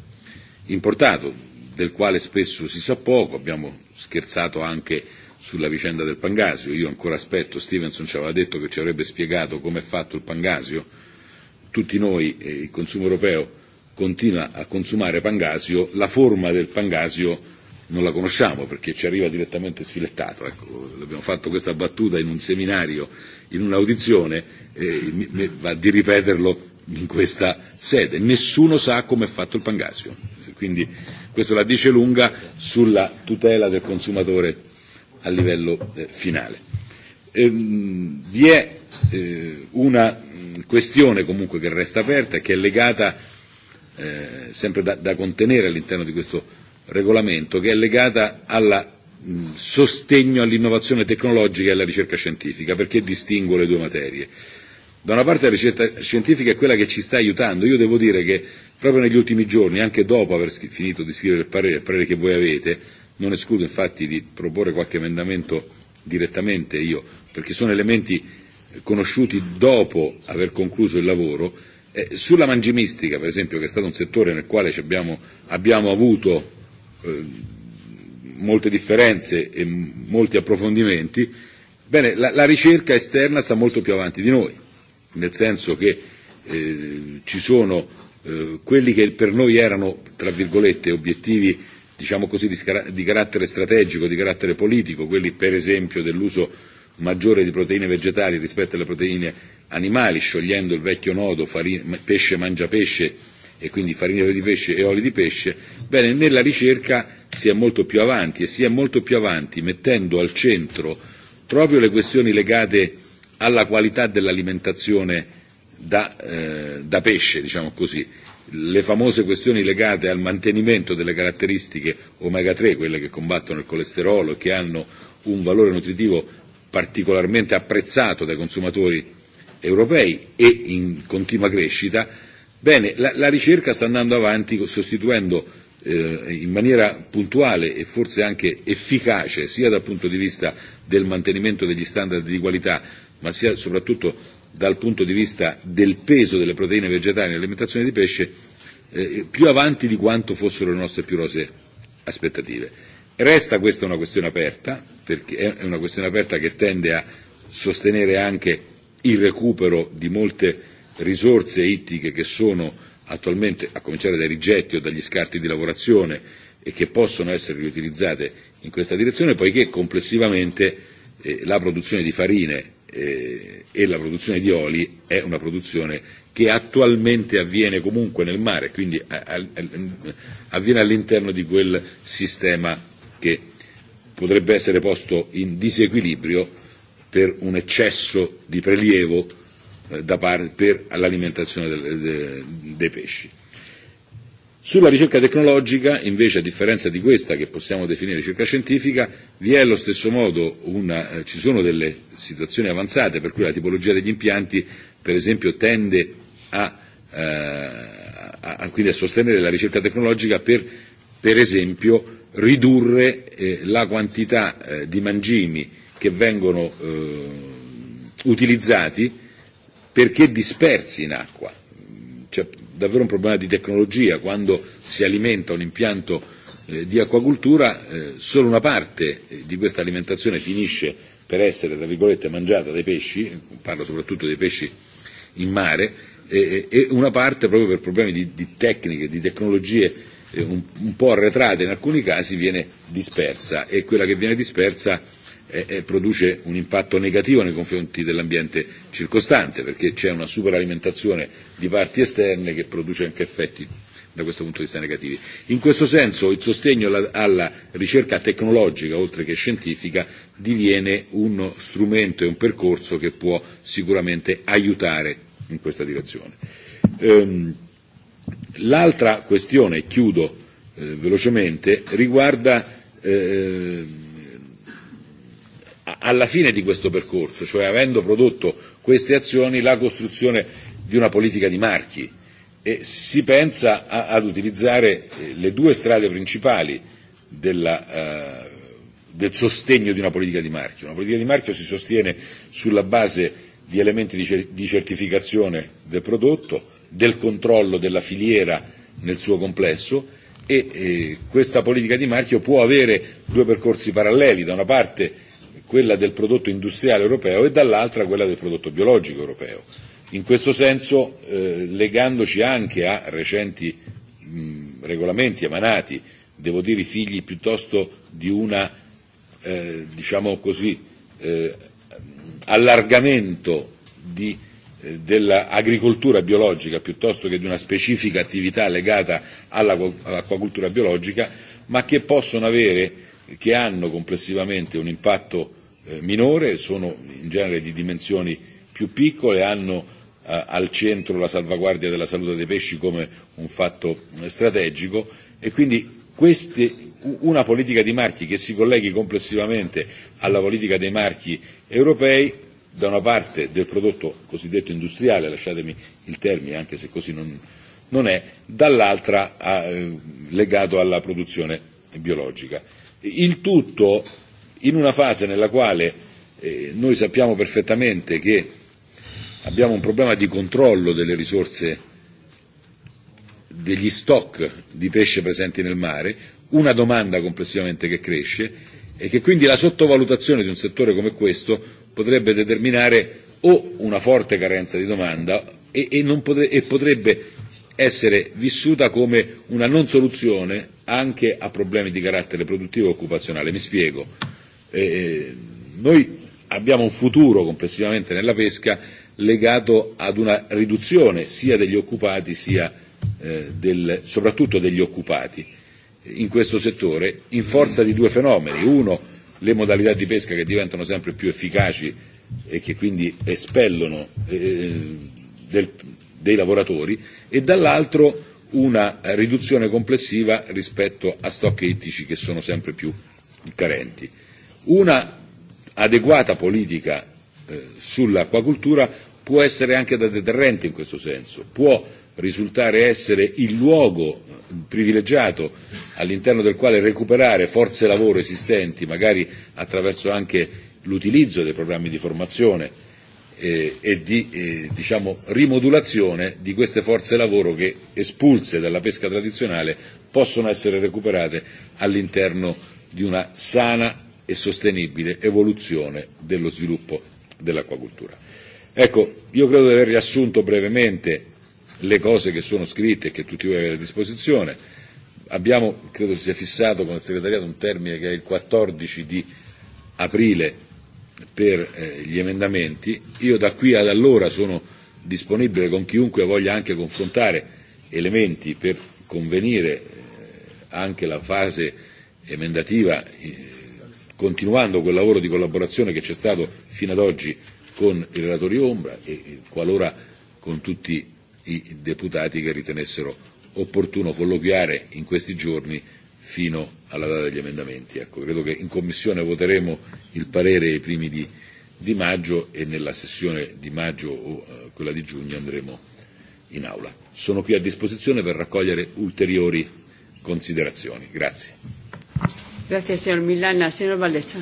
importato, del quale spesso si sa poco, abbiamo scherzato anche sulla vicenda del Pangasio, io ancora aspetto, Stevenson ci aveva detto che ci avrebbe spiegato come è fatto il Pangasio, tutti noi, eh, il consumo europeo, continua a consumare Pangasio, la forma del Pangasio non la conosciamo perché ci arriva direttamente sfilettato. Ecco, abbiamo fatto questa battuta in un seminario, in un'audizione, e va di ripeterlo in questa sede. Nessuno sa come è fatto il pangasio. Quindi questo la dice lunga sulla tutela del consumatore a livello eh, finale. Ehm, vi è eh, una questione comunque che resta aperta, e che è legata eh, sempre da, da contenere all'interno di questo regolamento che è legata al sostegno all'innovazione tecnologica e alla ricerca scientifica, perché distingo le due materie. Da una parte la ricerca scientifica è quella che ci sta aiutando, io devo dire che proprio negli ultimi giorni, anche dopo aver finito di scrivere il parere, il parere che voi avete, non escludo infatti di proporre qualche emendamento direttamente io, perché sono elementi conosciuti dopo aver concluso il lavoro, sulla mangimistica, per esempio, che è stato un settore nel quale abbiamo, abbiamo avuto molte differenze e molti approfondimenti, bene, la, la ricerca esterna sta molto più avanti di noi, nel senso che eh, ci sono eh, quelli che per noi erano, tra virgolette, obiettivi diciamo così, di, di carattere strategico, di carattere politico, quelli per esempio dell'uso maggiore di proteine vegetali rispetto alle proteine animali, sciogliendo il vecchio nodo farina, pesce mangia pesce e quindi farinate di pesce e oli di pesce, bene, nella ricerca si è molto più avanti e si è molto più avanti mettendo al centro proprio le questioni legate alla qualità dell'alimentazione da, eh, da pesce, diciamo così, le famose questioni legate al mantenimento delle caratteristiche omega 3, quelle che combattono il colesterolo e che hanno un valore nutritivo particolarmente apprezzato dai consumatori europei e in continua crescita, Bene, la, la ricerca sta andando avanti sostituendo eh, in maniera puntuale e forse anche efficace, sia dal punto di vista del mantenimento degli standard di qualità, ma sia soprattutto dal punto di vista del peso delle proteine vegetali nell'alimentazione di pesce, eh, più avanti di quanto fossero le nostre più rose aspettative. Resta questa una questione aperta, perché è una questione aperta che tende a sostenere anche il recupero di molte risorse ittiche che sono attualmente, a cominciare dai rigetti o dagli scarti di lavorazione, e che possono essere riutilizzate in questa direzione, poiché complessivamente eh, la produzione di farine eh, e la produzione di oli è una produzione che attualmente avviene comunque nel mare, quindi avviene all'interno di quel sistema che potrebbe essere posto in disequilibrio per un eccesso di prelievo da parte per l'alimentazione dei pesci. Sulla ricerca tecnologica, invece, a differenza di questa che possiamo definire ricerca scientifica, vi è allo stesso modo una, eh, ci sono delle situazioni avanzate per cui la tipologia degli impianti, per esempio, tende a, eh, a, a, quindi a sostenere la ricerca tecnologica per, per esempio, ridurre eh, la quantità eh, di mangimi che vengono eh, utilizzati perché dispersi in acqua. C'è davvero un problema di tecnologia, quando si alimenta un impianto di acquacultura solo una parte di questa alimentazione finisce per essere, tra virgolette, mangiata dai pesci, parlo soprattutto dei pesci in mare, e, una parte proprio per problemi di, tecniche, di tecnologie un, po' arretrate in alcuni casi viene dispersa e quella che viene dispersa eh, produce un impatto negativo nei confronti dell'ambiente circostante, perché c'è una superalimentazione di parti esterne che produce anche effetti da questo punto di vista negativi. In questo senso il sostegno alla, alla ricerca tecnologica, oltre che scientifica, diviene uno strumento e un percorso che può sicuramente aiutare in questa direzione. Ehm, l'altra questione, e chiudo eh, velocemente, riguarda eh, alla fine di questo percorso, cioè avendo prodotto queste azioni, la costruzione di una politica di marchi e si pensa a, ad utilizzare le due strade principali della, eh, del sostegno di una politica di marchio. Una politica di marchio si sostiene sulla base di elementi di, cer- di certificazione del prodotto, del controllo della filiera nel suo complesso e eh, questa politica di marchio può avere due percorsi paralleli. Da una parte quella del prodotto industriale europeo e dall'altra quella del prodotto biologico europeo. In questo senso, eh, legandoci anche a recenti mh, regolamenti emanati, devo dire figli piuttosto di una, eh, diciamo così, eh, allargamento di dell'agricoltura biologica piuttosto che di una specifica attività legata all'acquacultura biologica, ma che possono avere che hanno complessivamente un impatto minore, sono in genere di dimensioni più piccole, hanno al centro la salvaguardia della salute dei pesci come un fatto strategico e quindi queste, una politica di marchi che si colleghi complessivamente alla politica dei marchi europei da una parte del prodotto cosiddetto industriale, lasciatemi il termine anche se così non, non è, dall'altra legato alla produzione biologica. Il tutto in una fase nella quale eh, noi sappiamo perfettamente che abbiamo un problema di controllo delle risorse degli stock di pesce presenti nel mare, una domanda complessivamente che cresce e che quindi la sottovalutazione di un settore come questo potrebbe determinare o una forte carenza di domanda e, e, non potre, e potrebbe essere vissuta come una non soluzione anche a problemi di carattere produttivo e occupazionale. Mi spiego. Eh, noi abbiamo un futuro complessivamente nella pesca legato ad una riduzione sia degli occupati sia eh, del, soprattutto degli occupati in questo settore in forza di due fenomeni. Uno, le modalità di pesca che diventano sempre più efficaci e che quindi espellono eh, del, dei lavoratori e dall'altro una riduzione complessiva rispetto a stock ittici che sono sempre più carenti. Una adeguata politica eh, sull'acquacultura può essere anche da deterrente in questo senso, può risultare essere il luogo privilegiato all'interno del quale recuperare forze lavoro esistenti, magari attraverso anche l'utilizzo dei programmi di formazione eh, e di eh, diciamo, rimodulazione di queste forze lavoro che espulse dalla pesca tradizionale possono essere recuperate all'interno di una sana e sostenibile evoluzione dello sviluppo dell'acquacultura. Ecco, io credo di aver riassunto brevemente le cose che sono scritte e che tutti voi avete a disposizione. Abbiamo, credo sia fissato con il segretariato, un termine che è il 14 di aprile per eh, gli emendamenti. Io da qui ad allora sono disponibile con chiunque voglia anche confrontare elementi per convenire eh, anche la fase emendativa, eh, continuando quel lavoro di collaborazione che c'è stato fino ad oggi con i relatori ombra e qualora con tutti i deputati che ritenessero opportuno colloquiare in questi giorni fino a alla data degli emendamenti. Ecco, credo che in Commissione voteremo il parere ai primi di, di maggio e nella sessione di maggio o eh, quella di giugno andremo in aula. Sono qui a disposizione per raccogliere ulteriori considerazioni. Grazie. Grazie signor Milana. Signor Valdezza.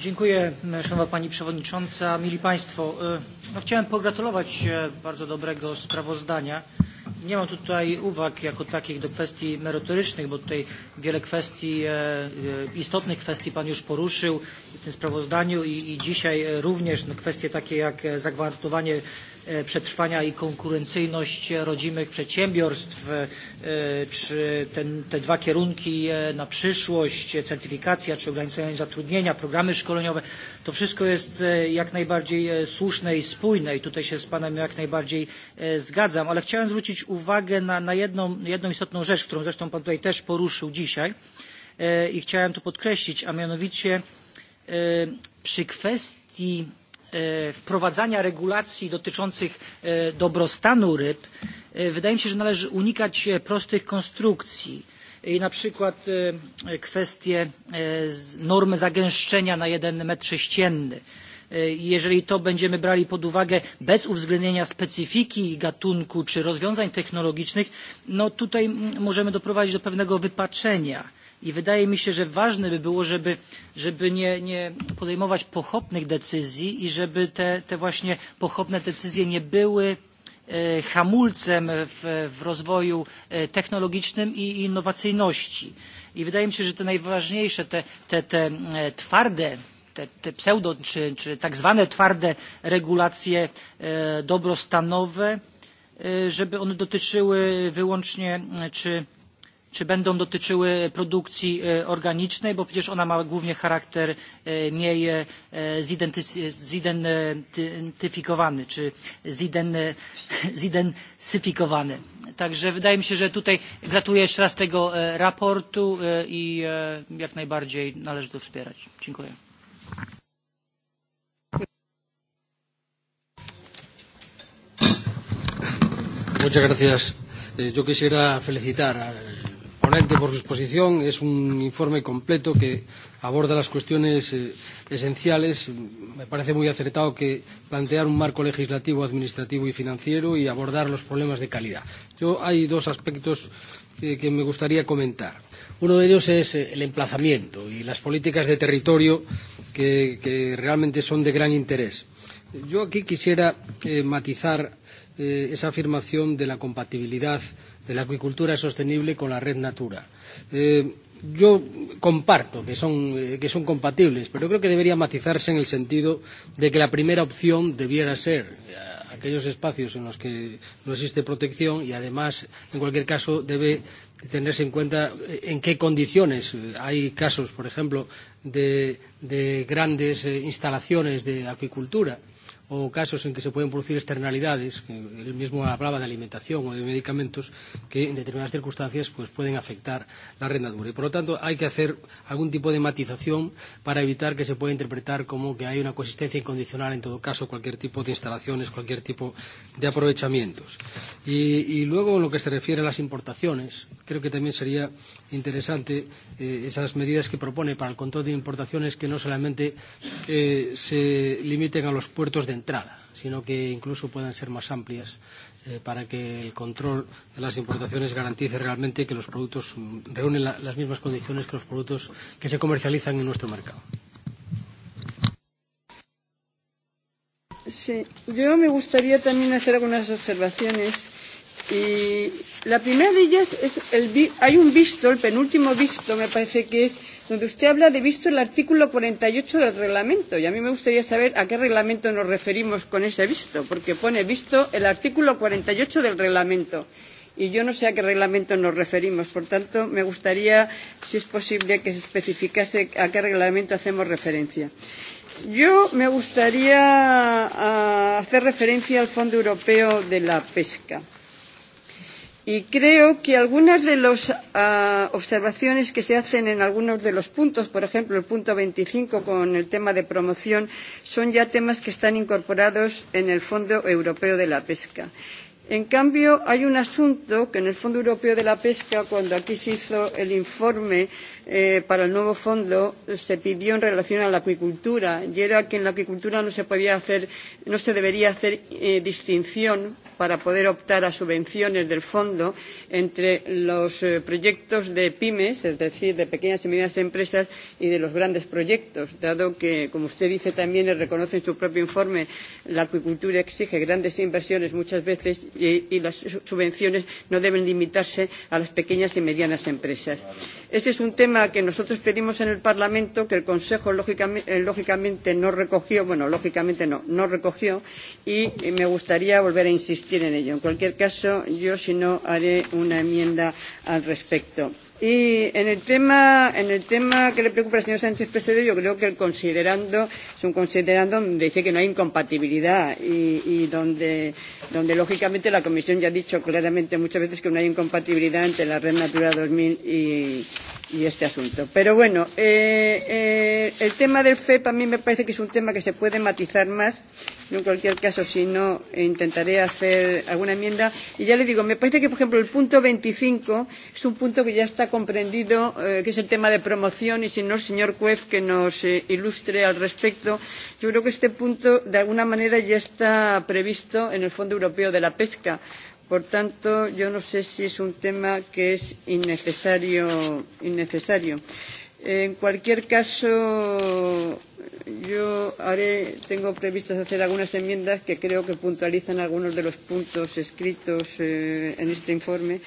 Dziękuję, Szanowna Pani Przewodnicząca. Mili Państwo, no chciałem pogratulować bardzo dobrego sprawozdania. Nie mam tutaj uwag jako takich do kwestii merytorycznych, bo tutaj wiele kwestii, istotnych kwestii Pan już poruszył w tym sprawozdaniu i, dzisiaj również kwestie takie jak zagwarantowanie przetrwania i konkurencyjność rodzimych przedsiębiorstw, czy ten, te dwa kierunki na przyszłość, certyfikacja czy ograniczenie zatrudnienia, programy szkoleniowe, to wszystko jest jak najbardziej słuszne i spójne i tutaj się z Panem jak najbardziej zgadzam, ale chciałem zwrócić uwagę na, na jedną, jedną istotną rzecz, którą zresztą Pan tutaj też poruszył dzisiaj i chciałem to podkreślić, a mianowicie przy kwestii wprowadzania regulacji dotyczących dobrostanu ryb wydaje mi się że należy unikać prostych konstrukcji i na przykład kwestie normy zagęszczenia na jeden metr sześcienny jeżeli to będziemy brali pod uwagę bez uwzględnienia specyfiki gatunku czy rozwiązań technologicznych no tutaj możemy doprowadzić do pewnego wypaczenia I wydaje mi się, że ważne by było, żeby, żeby nie, nie podejmować pochopnych decyzji i żeby te, te właśnie pochopne decyzje nie były hamulcem w, w rozwoju technologicznym i innowacyjności. I wydaje mi się, że te najważniejsze, te, te, te twarde te, te pseudo czy, czy tak zwane twarde regulacje dobrostanowe, żeby one dotyczyły wyłącznie czy czy będą dotyczyły produkcji organicznej, bo przecież ona ma głównie charakter mniej zidentyfikowany czy zidensyfikowany. Także wydaje mi się, że tutaj gratuluję jeszcze raz tego raportu i jak najbardziej należy to wspierać. Dziękuję. Muchas gracias. Yo quisiera felicitar al ponente por su exposición. Es un informe completo que aborda las cuestiones esenciales. Me parece muy acertado que plantear un marco legislativo, administrativo y financiero y abordar los problemas de calidad. Yo hay dos aspectos que me gustaría comentar. Uno de ellos es el emplazamiento y las políticas de territorio que, que realmente son de gran interés. Yo aquí quisiera eh, matizar eh, esa afirmación de la compatibilidad de la acuicultura sostenible con la red Natura. Eh, yo comparto que son, que son compatibles, pero creo que debería matizarse en el sentido de que la primera opción debiera ser aquellos espacios en los que no existe protección y además, en cualquier caso, debe tenerse en cuenta en qué condiciones. Hay casos, por ejemplo, de, de grandes instalaciones de acuicultura o casos en que se pueden producir externalidades, él mismo hablaba de alimentación o de medicamentos, que en determinadas circunstancias pues, pueden afectar la rendadura. Y por lo tanto hay que hacer algún tipo de matización para evitar que se pueda interpretar como que hay una coexistencia incondicional en todo caso cualquier tipo de instalaciones, cualquier tipo de aprovechamientos. Y, y luego en lo que se refiere a las importaciones, creo que también sería interesante eh, esas medidas que propone para el control de importaciones que no solamente eh, se limiten a los puertos de entrada, sino que incluso puedan ser más amplias eh, para que el control de las importaciones garantice realmente que los productos reúnen la, las mismas condiciones que los productos que se comercializan en nuestro mercado. Sí, yo me gustaría también hacer algunas observaciones Y la primera de ellas es el, hay un visto, el penúltimo visto me parece que es, donde usted habla de visto el artículo 48 del reglamento. Y a mí me gustaría saber a qué reglamento nos referimos con ese visto, porque pone visto el artículo 48 del reglamento. Y yo no sé a qué reglamento nos referimos. Por tanto, me gustaría, si es posible, que se especificase a qué reglamento hacemos referencia. Yo me gustaría hacer referencia al Fondo Europeo de la Pesca. Y creo que algunas de las uh, observaciones que se hacen en algunos de los puntos, por ejemplo el punto 25 con el tema de promoción, son ya temas que están incorporados en el Fondo Europeo de la Pesca. En cambio, hay un asunto que en el Fondo Europeo de la Pesca, cuando aquí se hizo el informe para el nuevo fondo, se pidió en relación a la acuicultura, y era que en la acuicultura no se, podía hacer, no se debería hacer distinción para poder optar a subvenciones del fondo entre los proyectos de pymes, es decir, de pequeñas y medianas empresas, y de los grandes proyectos, dado que, como usted dice también y reconoce en su propio informe, la acuicultura exige grandes inversiones muchas veces y, y las subvenciones no deben limitarse a las pequeñas y medianas empresas. Ese es un tema que nosotros pedimos en el Parlamento, que el Consejo lógicamente no recogió, bueno, lógicamente no, no recogió, y me gustaría volver a insistir insistir en ello. En cualquier caso, yo, si no, haré una enmienda al respecto. Y en el tema, en el tema que le preocupa al señor Sánchez Pesedo, yo creo que el considerando es un considerando donde dice que no hay incompatibilidad y, y donde, donde lógicamente la Comisión ya ha dicho claramente muchas veces que no hay incompatibilidad entre la Red Natura 2000 y, y este asunto. Pero bueno, eh, eh, el tema del FEP a mí me parece que es un tema que se puede matizar más. Yo en cualquier caso, si no, intentaré hacer alguna enmienda. Y ya le digo, me parece que, por ejemplo, el punto 25 es un punto que ya está comprendido, eh, que es el tema de promoción, y si no, el señor Cuef que nos eh, ilustre al respecto. Yo creo que este punto, de alguna manera, ya está previsto en el Fondo Europeo de la Pesca Por tanto, yo no sé si es un tema que es innecesario. innecesario. En cualquier caso, yo haré, tengo previstas hacer algunas enmiendas que creo que puntualizan algunos de los puntos escritos eh, en este informe,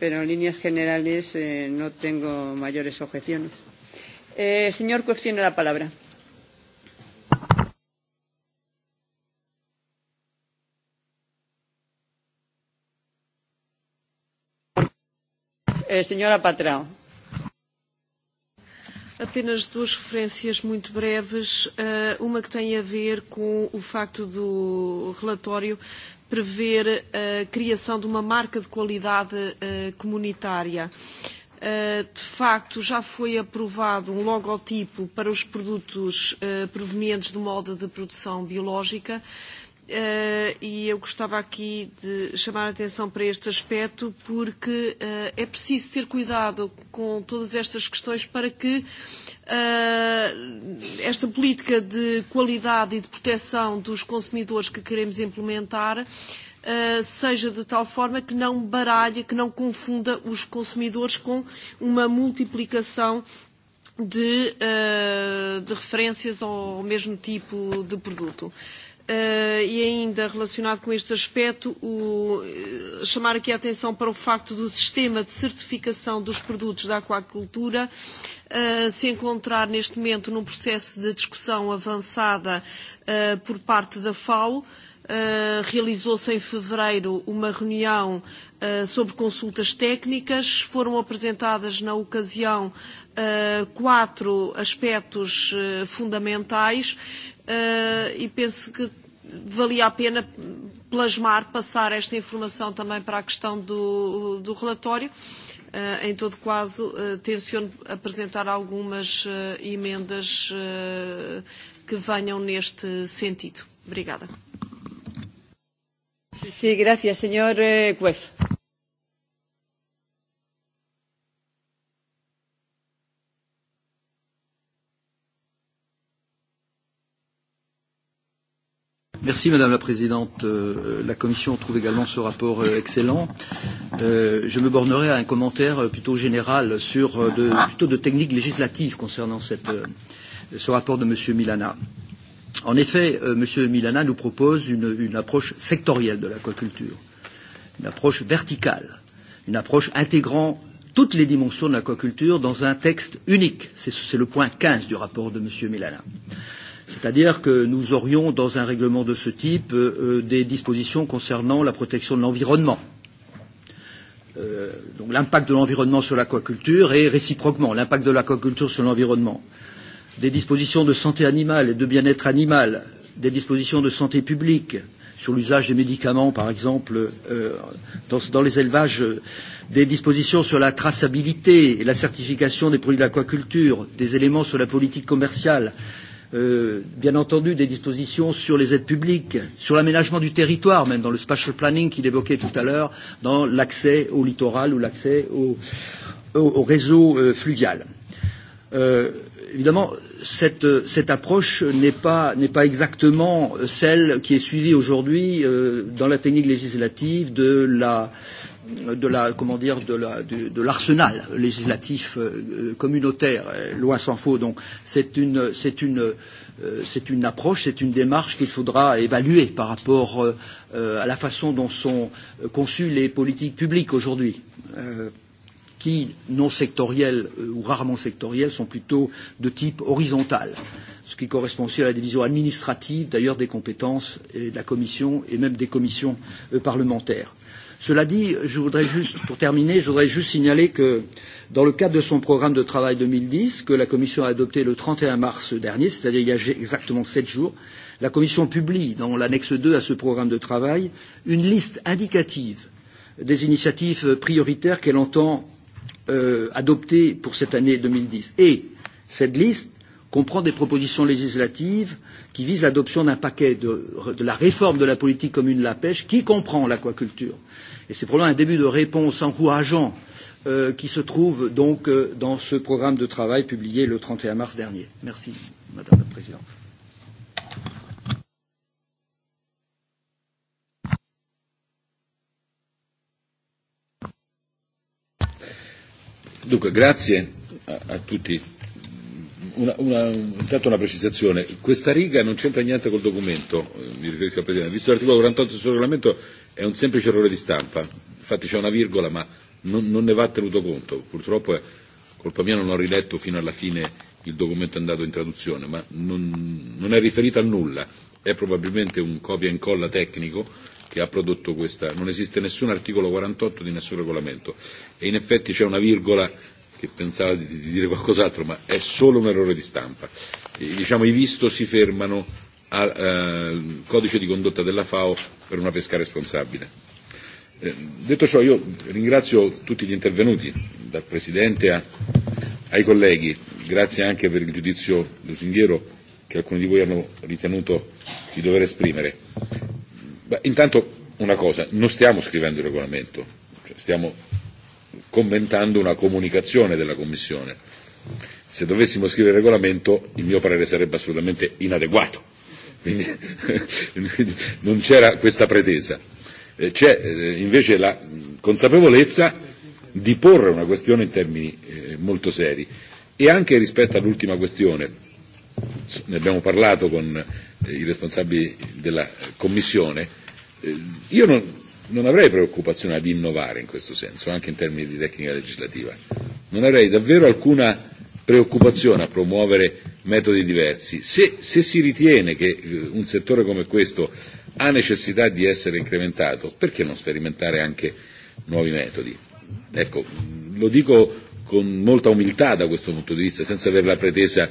pero en líneas generales eh, no tengo mayores objeciones. Eh, señor Cox tiene la palabra. senhora Patrão. Apenas duas referências muito breves. uma que tem a ver com o facto do relatório prever a criação de uma marca de qualidade comunitária. De facto, já foi aprovado um logotipo para os produtos provenientes de moda de produção biológica e eu gostava aqui de chamar a atenção para este aspecto, porque é preciso ter cuidado com todas estas questões para que esta política de qualidade e de proteção dos consumidores que queremos implementar seja de tal forma que não baralhe, que não confunda os consumidores com uma multiplicação de, de referências ao mesmo tipo de produto. Uh, e ainda relacionado com este aspecto, chamar aqui a atenção para o facto do sistema de certificação dos produtos da aquacultura se encontrar neste momento num processo de discussão avançada por parte da FAO. Realizou-se em fevereiro uma reunião sobre consultas técnicas. Foram apresentadas, na ocasião, quatro aspectos fundamentais e penso que valia a pena plasmar, passar esta informação também para a questão do, do relatório. Uh, em todo caso, uh, tenciono apresentar algumas uh, emendas uh, que venham neste sentido. Obrigada. Sí, graças, Sr. Cuef. Merci Madame la Présidente. La Commission trouve également ce rapport excellent. Je me bornerai à un commentaire plutôt général sur de, plutôt de technique législative concernant cette, ce rapport de Monsieur Milana. En effet, Monsieur Milana nous propose une, une approche sectorielle de l'aquaculture, une approche verticale, une approche intégrant toutes les dimensions de l'aquaculture dans un texte unique. C'est le point 15 du rapport de Monsieur Milana. C'est-à-dire que nous aurions dans un règlement de ce type euh, des dispositions concernant la protection de l'environnement. Euh, donc l'impact de l'environnement sur l'aquaculture et réciproquement l'impact de l'aquaculture sur l'environnement. Des dispositions de santé animale et de bien-être animal, des dispositions de santé publique sur l'usage des médicaments, par exemple, euh, dans, dans les élevages, des dispositions sur la traçabilité et la certification des produits d'aquaculture, des éléments sur la politique commerciale, euh, bien entendu des dispositions sur les aides publiques, sur l'aménagement du territoire, même dans le spatial planning qu'il évoquait tout à l'heure, dans l'accès au littoral ou l'accès au, réseau fluvial. évidemment, cette, cette approche n'est pas, n'est pas exactement celle qui est suivie aujourd'hui dans la technique législative de la de la comment dire de la de, de l'arsenal législatif communautaire loin s'en faut donc c'est une c'est une c'est une approche, c'est une démarche qu'il faudra évaluer par rapport à la façon dont sont conçues les politiques publiques aujourd'hui, qui, non sectorielles ou rarement sectorielles, sont plutôt de type horizontal, ce qui correspond aussi à la division administrative, d'ailleurs, des compétences et de la Commission et même des commissions parlementaires Cela dit, je voudrais juste, pour terminer, je voudrais juste signaler que dans le cadre de son programme de travail 2010, que la Commission a adopté le 31 mars dernier, c'est-à-dire il y a exactement sept jours, la Commission publie dans l'annexe 2 à ce programme de travail une liste indicative des initiatives prioritaires qu'elle entend euh, adopter pour cette année 2010. Et cette liste comprend des propositions législatives qui visent l'adoption d'un paquet de, de la réforme de la politique commune de la pêche qui comprend l'aquaculture. Et c'est probablement un début de réponse encourageant euh, qui se trouve donc euh, dans ce programme de travail publié le 31 mars dernier. Merci, Madame la Présidente. Dunque, grazie a, a tutti. Una, una, intanto una precisazione, questa riga non c'entra niente col documento, mi riferisco al Presidente, visto l'articolo 48 del suo regolamento È un semplice errore di stampa, infatti c'è una virgola ma non, non ne va tenuto conto. Purtroppo è colpa mia, non ho riletto fino alla fine il documento è andato in traduzione, ma non, non è riferito a nulla, è probabilmente un copia e incolla tecnico che ha prodotto questa. Non esiste nessun articolo 48 di nessun regolamento e in effetti c'è una virgola che pensava di, di dire qualcos'altro, ma è solo un errore di stampa. E, diciamo, I visto si fermano al eh, codice di condotta della FAO per una pesca responsabile. Eh, detto ciò io ringrazio tutti gli intervenuti, dal Presidente a, ai colleghi, grazie anche per il giudizio lusinghiero che alcuni di voi hanno ritenuto di dover esprimere. Beh, intanto una cosa, non stiamo scrivendo il regolamento, cioè stiamo commentando una comunicazione della Commissione. Se dovessimo scrivere il regolamento il mio parere sarebbe assolutamente inadeguato quindi non c'era questa pretesa. C'è invece la consapevolezza di porre una questione in termini molto seri e anche rispetto all'ultima questione, ne abbiamo parlato con i responsabili della Commissione, io non, non avrei preoccupazione ad innovare in questo senso, anche in termini di tecnica legislativa, non avrei davvero alcuna preoccupazione a promuovere metodi diversi. Se, se si ritiene che un settore come questo ha necessità di essere incrementato, perché non sperimentare anche nuovi metodi? Ecco, lo dico con molta umiltà da questo punto di vista, senza avere la pretesa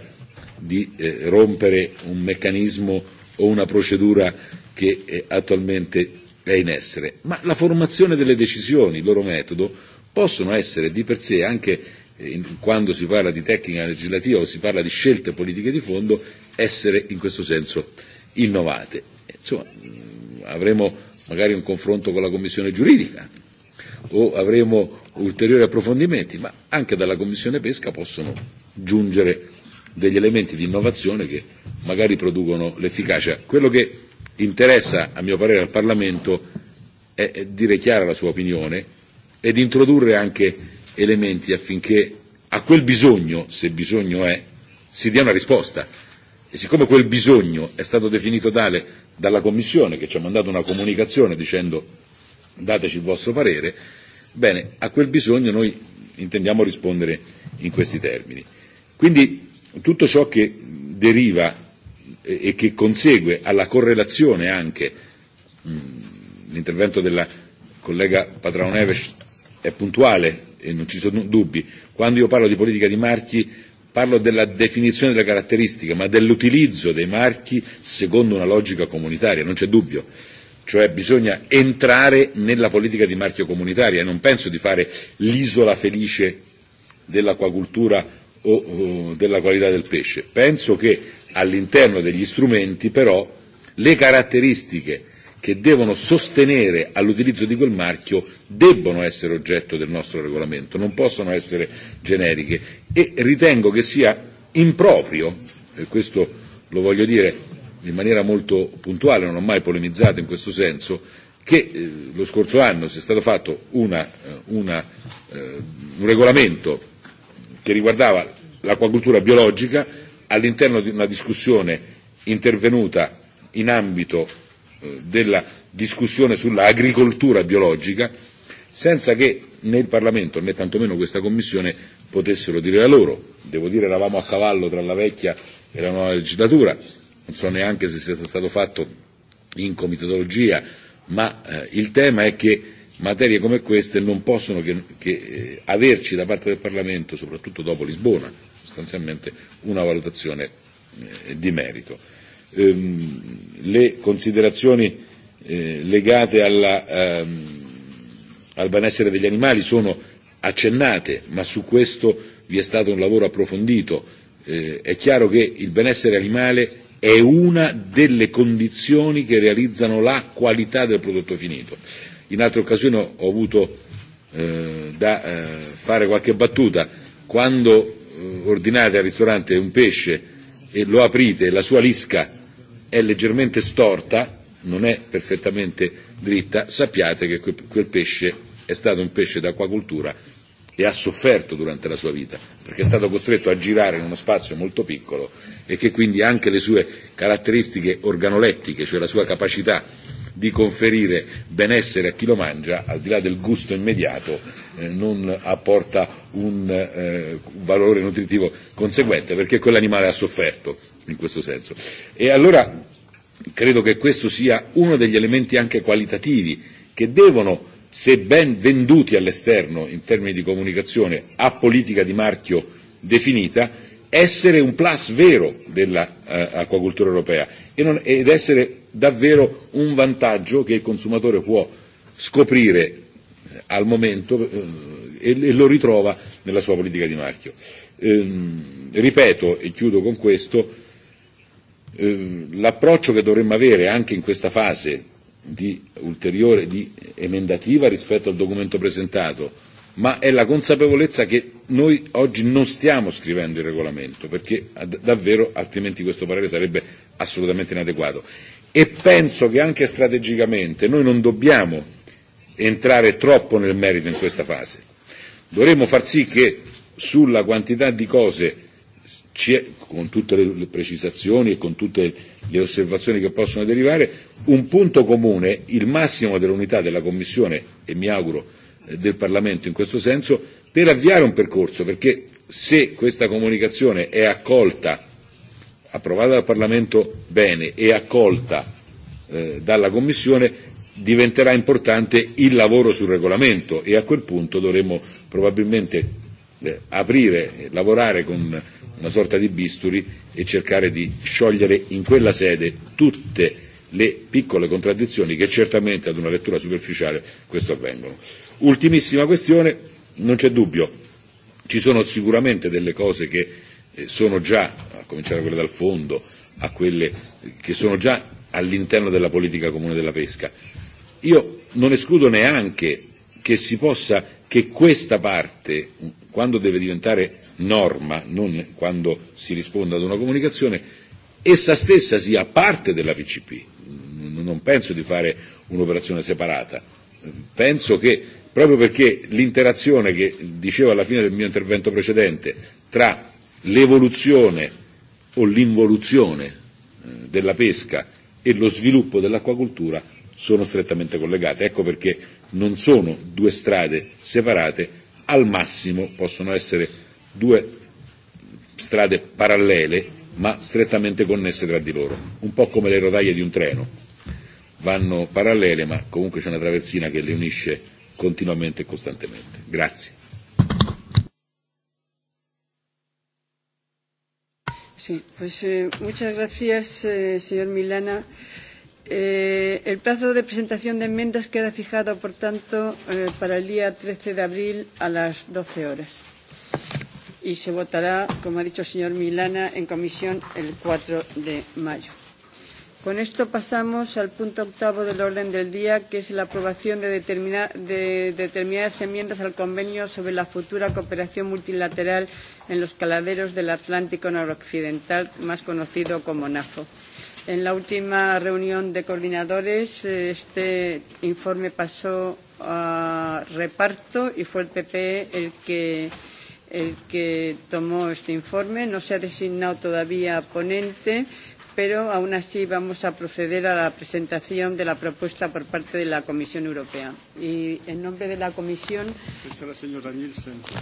di eh, rompere un meccanismo o una procedura che eh, attualmente è in essere, ma la formazione delle decisioni, il loro metodo, possono essere di per sé anche quando si parla di tecnica legislativa o si parla di scelte politiche di fondo, essere in questo senso innovate. Insomma, avremo magari un confronto con la Commissione giuridica o avremo ulteriori approfondimenti, ma anche dalla Commissione pesca possono giungere degli elementi di innovazione che magari producono l'efficacia. Quello che interessa, a mio parere, al Parlamento è dire chiara la sua opinione ed introdurre anche elementi affinché a quel bisogno, se bisogno è, si dia una risposta. E siccome quel bisogno è stato definito tale dalla Commissione, che ci ha mandato una comunicazione dicendo dateci il vostro parere, bene, a quel bisogno noi intendiamo rispondere in questi termini. Quindi tutto ciò che deriva e che consegue alla correlazione anche, l'intervento della collega Patraoneves è puntuale e non ci sono dubbi, quando io parlo di politica di marchi parlo della definizione della caratteristica, ma dell'utilizzo dei marchi secondo una logica comunitaria, non c'è dubbio. Cioè bisogna entrare nella politica di marchio comunitaria e non penso di fare l'isola felice dell'acquacultura o della qualità del pesce. Penso che all'interno degli strumenti però le caratteristiche che devono sostenere all'utilizzo di quel marchio debbono essere oggetto del nostro regolamento, non possono essere generiche e ritengo che sia improprio, e questo lo voglio dire in maniera molto puntuale, non ho mai polemizzato in questo senso, che eh, lo scorso anno sia stato fatto una, una, eh, un regolamento che riguardava l'acquacultura biologica all'interno di una discussione intervenuta in ambito della discussione sull'agricoltura biologica, senza che né il Parlamento né tantomeno questa Commissione potessero dire la loro. Devo dire eravamo a cavallo tra la vecchia e la nuova legislatura, non so neanche se sia stato fatto in comitologia, ma eh, il tema è che materie come queste non possono che, che eh, averci da parte del Parlamento, soprattutto dopo Lisbona, sostanzialmente una valutazione eh, di merito le considerazioni legate al benessere degli animali sono accennate, ma su questo vi è stato un lavoro approfondito. è chiaro che il benessere animale è una delle condizioni che realizzano la qualità del prodotto finito. In altre occasioni ho avuto da fare qualche battuta. Quando ordinate al ristorante un pesce e lo aprite, la sua lisca è leggermente storta, non è perfettamente dritta, sappiate che quel pesce è stato un pesce d'acquacoltura e ha sofferto durante la sua vita, perché è stato costretto a girare in uno spazio molto piccolo e che quindi anche le sue caratteristiche organolettiche, cioè la sua capacità di conferire benessere a chi lo mangia, al di là del gusto immediato, eh, non apporta un eh, valore nutritivo conseguente, perché quell'animale ha sofferto in questo senso. E allora credo che questo sia uno degli elementi anche qualitativi che devono, se ben venduti all'esterno in termini di comunicazione, a politica di marchio definita, essere un plus vero eh, europea e non, ed essere davvero un vantaggio che il consumatore può scoprire al momento eh, e, e lo ritrova nella sua politica di marchio. Ehm, ripeto e chiudo con questo, l'approccio che dovremmo avere anche in questa fase di ulteriore di emendativa rispetto al documento presentato ma è la consapevolezza che noi oggi non stiamo scrivendo il regolamento, perché davvero altrimenti questo parere sarebbe assolutamente inadeguato. E penso che anche strategicamente noi non dobbiamo entrare troppo nel merito in questa fase. Dovremmo far sì che sulla quantità di cose, con tutte le precisazioni e con tutte le osservazioni che possono derivare, un punto comune, il massimo dell'unità della Commissione e mi auguro del Parlamento in questo senso per avviare un percorso, perché se questa comunicazione è accolta, approvata dal Parlamento bene e accolta eh, dalla Commissione, diventerà importante il lavoro sul regolamento e a quel punto dovremo probabilmente eh, aprire, lavorare con una sorta di bisturi e cercare di sciogliere in quella sede tutte le piccole contraddizioni che certamente ad una lettura superficiale questo avvengono. Ultimissima questione, non c'è dubbio, ci sono sicuramente delle cose che sono già, a cominciare da quelle dal fondo, a quelle che sono già all'interno della politica comune della pesca. Io non escludo neanche che si possa, che questa parte, quando deve diventare norma, non quando si risponde ad una comunicazione, essa stessa sia parte della PCP. Non penso di fare un'operazione separata. Penso che proprio perché l'interazione che dicevo alla fine del mio intervento precedente tra l'evoluzione o l'involuzione della pesca e lo sviluppo dell'acquacultura sono strettamente collegate. Ecco perché non sono due strade separate, al massimo possono essere due strade parallele ma strettamente connesse tra di loro, un po' come le rotaie di un treno. Vanno parallele ma comunque c'è una traversina che le unisce continuamente e costantemente. Grazie. Sì, pues eh, muchas gracias, eh, señor Milana. Eh, el plazo de presentación de enmiendas queda fijado, por tanto, eh, para el día 13 de abril a las 12 horas. Y se votará, como ha dicho el señor Milana, en comisión el 4 de mayo. Con esto pasamos al punto octavo del orden del día, que es la aprobación de, determina, de determinadas enmiendas al convenio sobre la futura cooperación multilateral en los caladeros del Atlántico noroccidental, más conocido como NAFO. En la última reunión de coordinadores, este informe pasó a reparto y fue el PP el que, el que tomó este informe. No se ha designado todavía ponente pero aún así vamos a proceder a la presentación de la propuesta por parte de la Comisión Europea. Y en nombre de la Comisión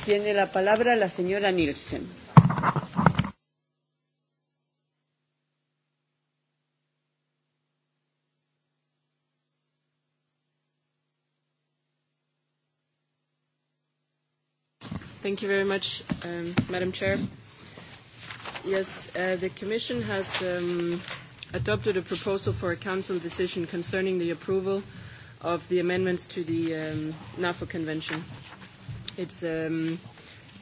tiene la palabra la señora Nielsen. Thank you very much, um, Madam Chair. Yes, the Commission has adopted a proposal for a Council decision concerning the approval of the amendments to the um, NAFO Convention. It's um,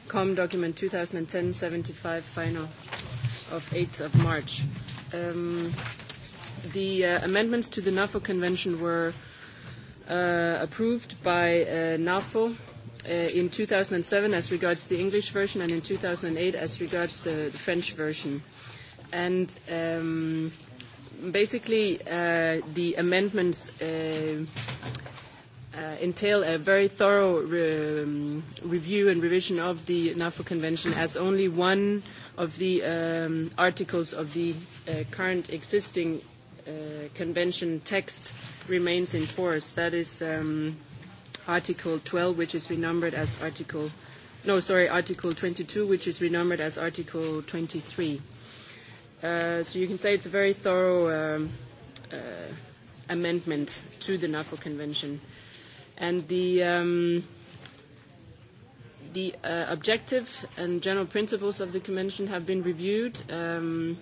COM document 2010-75 final of 8th of March. Um, the uh, amendments to the NAFO Convention were uh, approved by uh, NAFO in 2007 as regards the English version and in 2008 as regards the, the French version. And um, basically, uh, the amendments uh, uh, entail a very thorough re- um, review and revision of the NAFO Convention as only one of the um, articles of the uh, current existing uh, convention text remains in force. That is. Um, Article 12, which is renumbered as Article, no, sorry, Article 22, which is renumbered as Article 23. Uh, so you can say it's a very thorough um, uh, amendment to the NAFO Convention. And the, um, the uh, objective and general principles of the Convention have been reviewed um,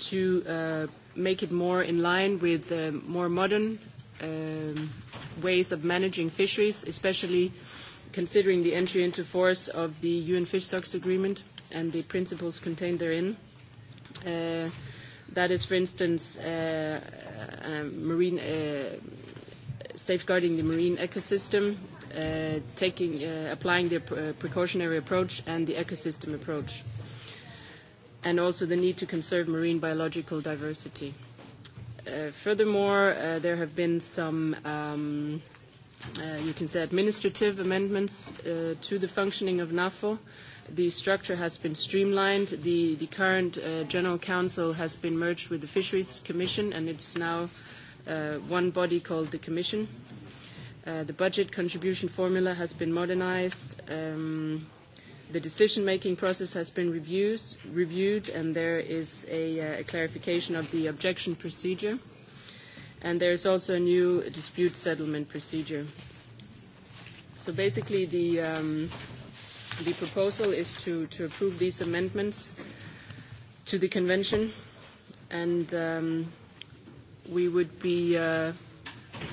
to uh, make it more in line with uh, more modern ways of managing fisheries, especially considering the entry into force of the UN Fish Stocks Agreement and the principles contained therein. that is, for instance, marine, safeguarding the marine ecosystem, taking, applying the precautionary approach and the ecosystem approach, and also the need to conserve marine biological diversity. Furthermore, there have been some, you can say, administrative amendments to the functioning of NAFO. The structure has been streamlined. The the current General Council has been merged with the Fisheries Commission, and it's now one body called the Commission. The budget contribution formula has been modernized. The decision-making process has been reviews, reviewed, and there is a, a clarification of the objection procedure. And there is also a new dispute settlement procedure. So basically, the, um, the proposal is to, to approve these amendments to the convention, and um, we would be uh,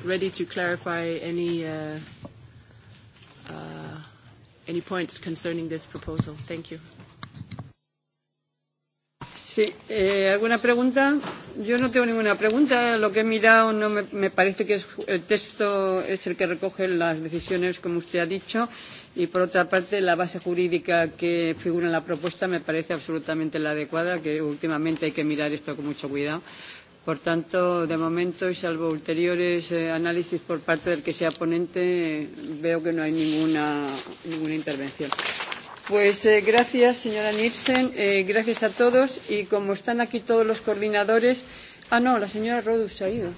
ready to clarify any uh, uh, any points concerning this proposal. Thank you. Sí, eh, ¿alguna pregunta? Yo no tengo ninguna pregunta. Lo que he mirado no me, me parece que es, el texto es el que recoge las decisiones, como usted ha dicho, y por otra parte la base jurídica que figura en la propuesta me parece absolutamente la adecuada, que últimamente hay que mirar esto con mucho cuidado. Por tanto, de momento, y salvo ulteriores análisis por parte del que sea ponente, veo que no hay ninguna, ninguna intervención. Pues eh, gracias, señora Nielsen. Eh, gracias a todos. Y como están aquí todos los coordinadores. Ah, no, la señora Rodus se ha ido.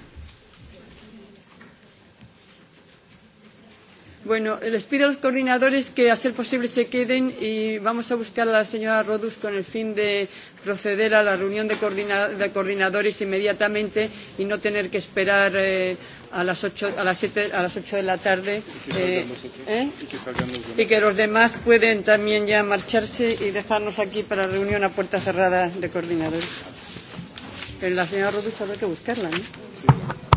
Bueno, les pido a los coordinadores que, a ser posible, se queden y vamos a buscar a la señora Rodus con el fin de proceder a la reunión de, coordina de coordinadores inmediatamente y no tener que esperar eh, a, las ocho, a, las siete, a las ocho de la tarde. Y que, eh, ¿eh? y, que salgan los demás. y que los demás pueden también ya marcharse y dejarnos aquí para reunión a puerta cerrada de coordinadores. Pero la señora Rodus habrá que buscarla, ¿no? Sí.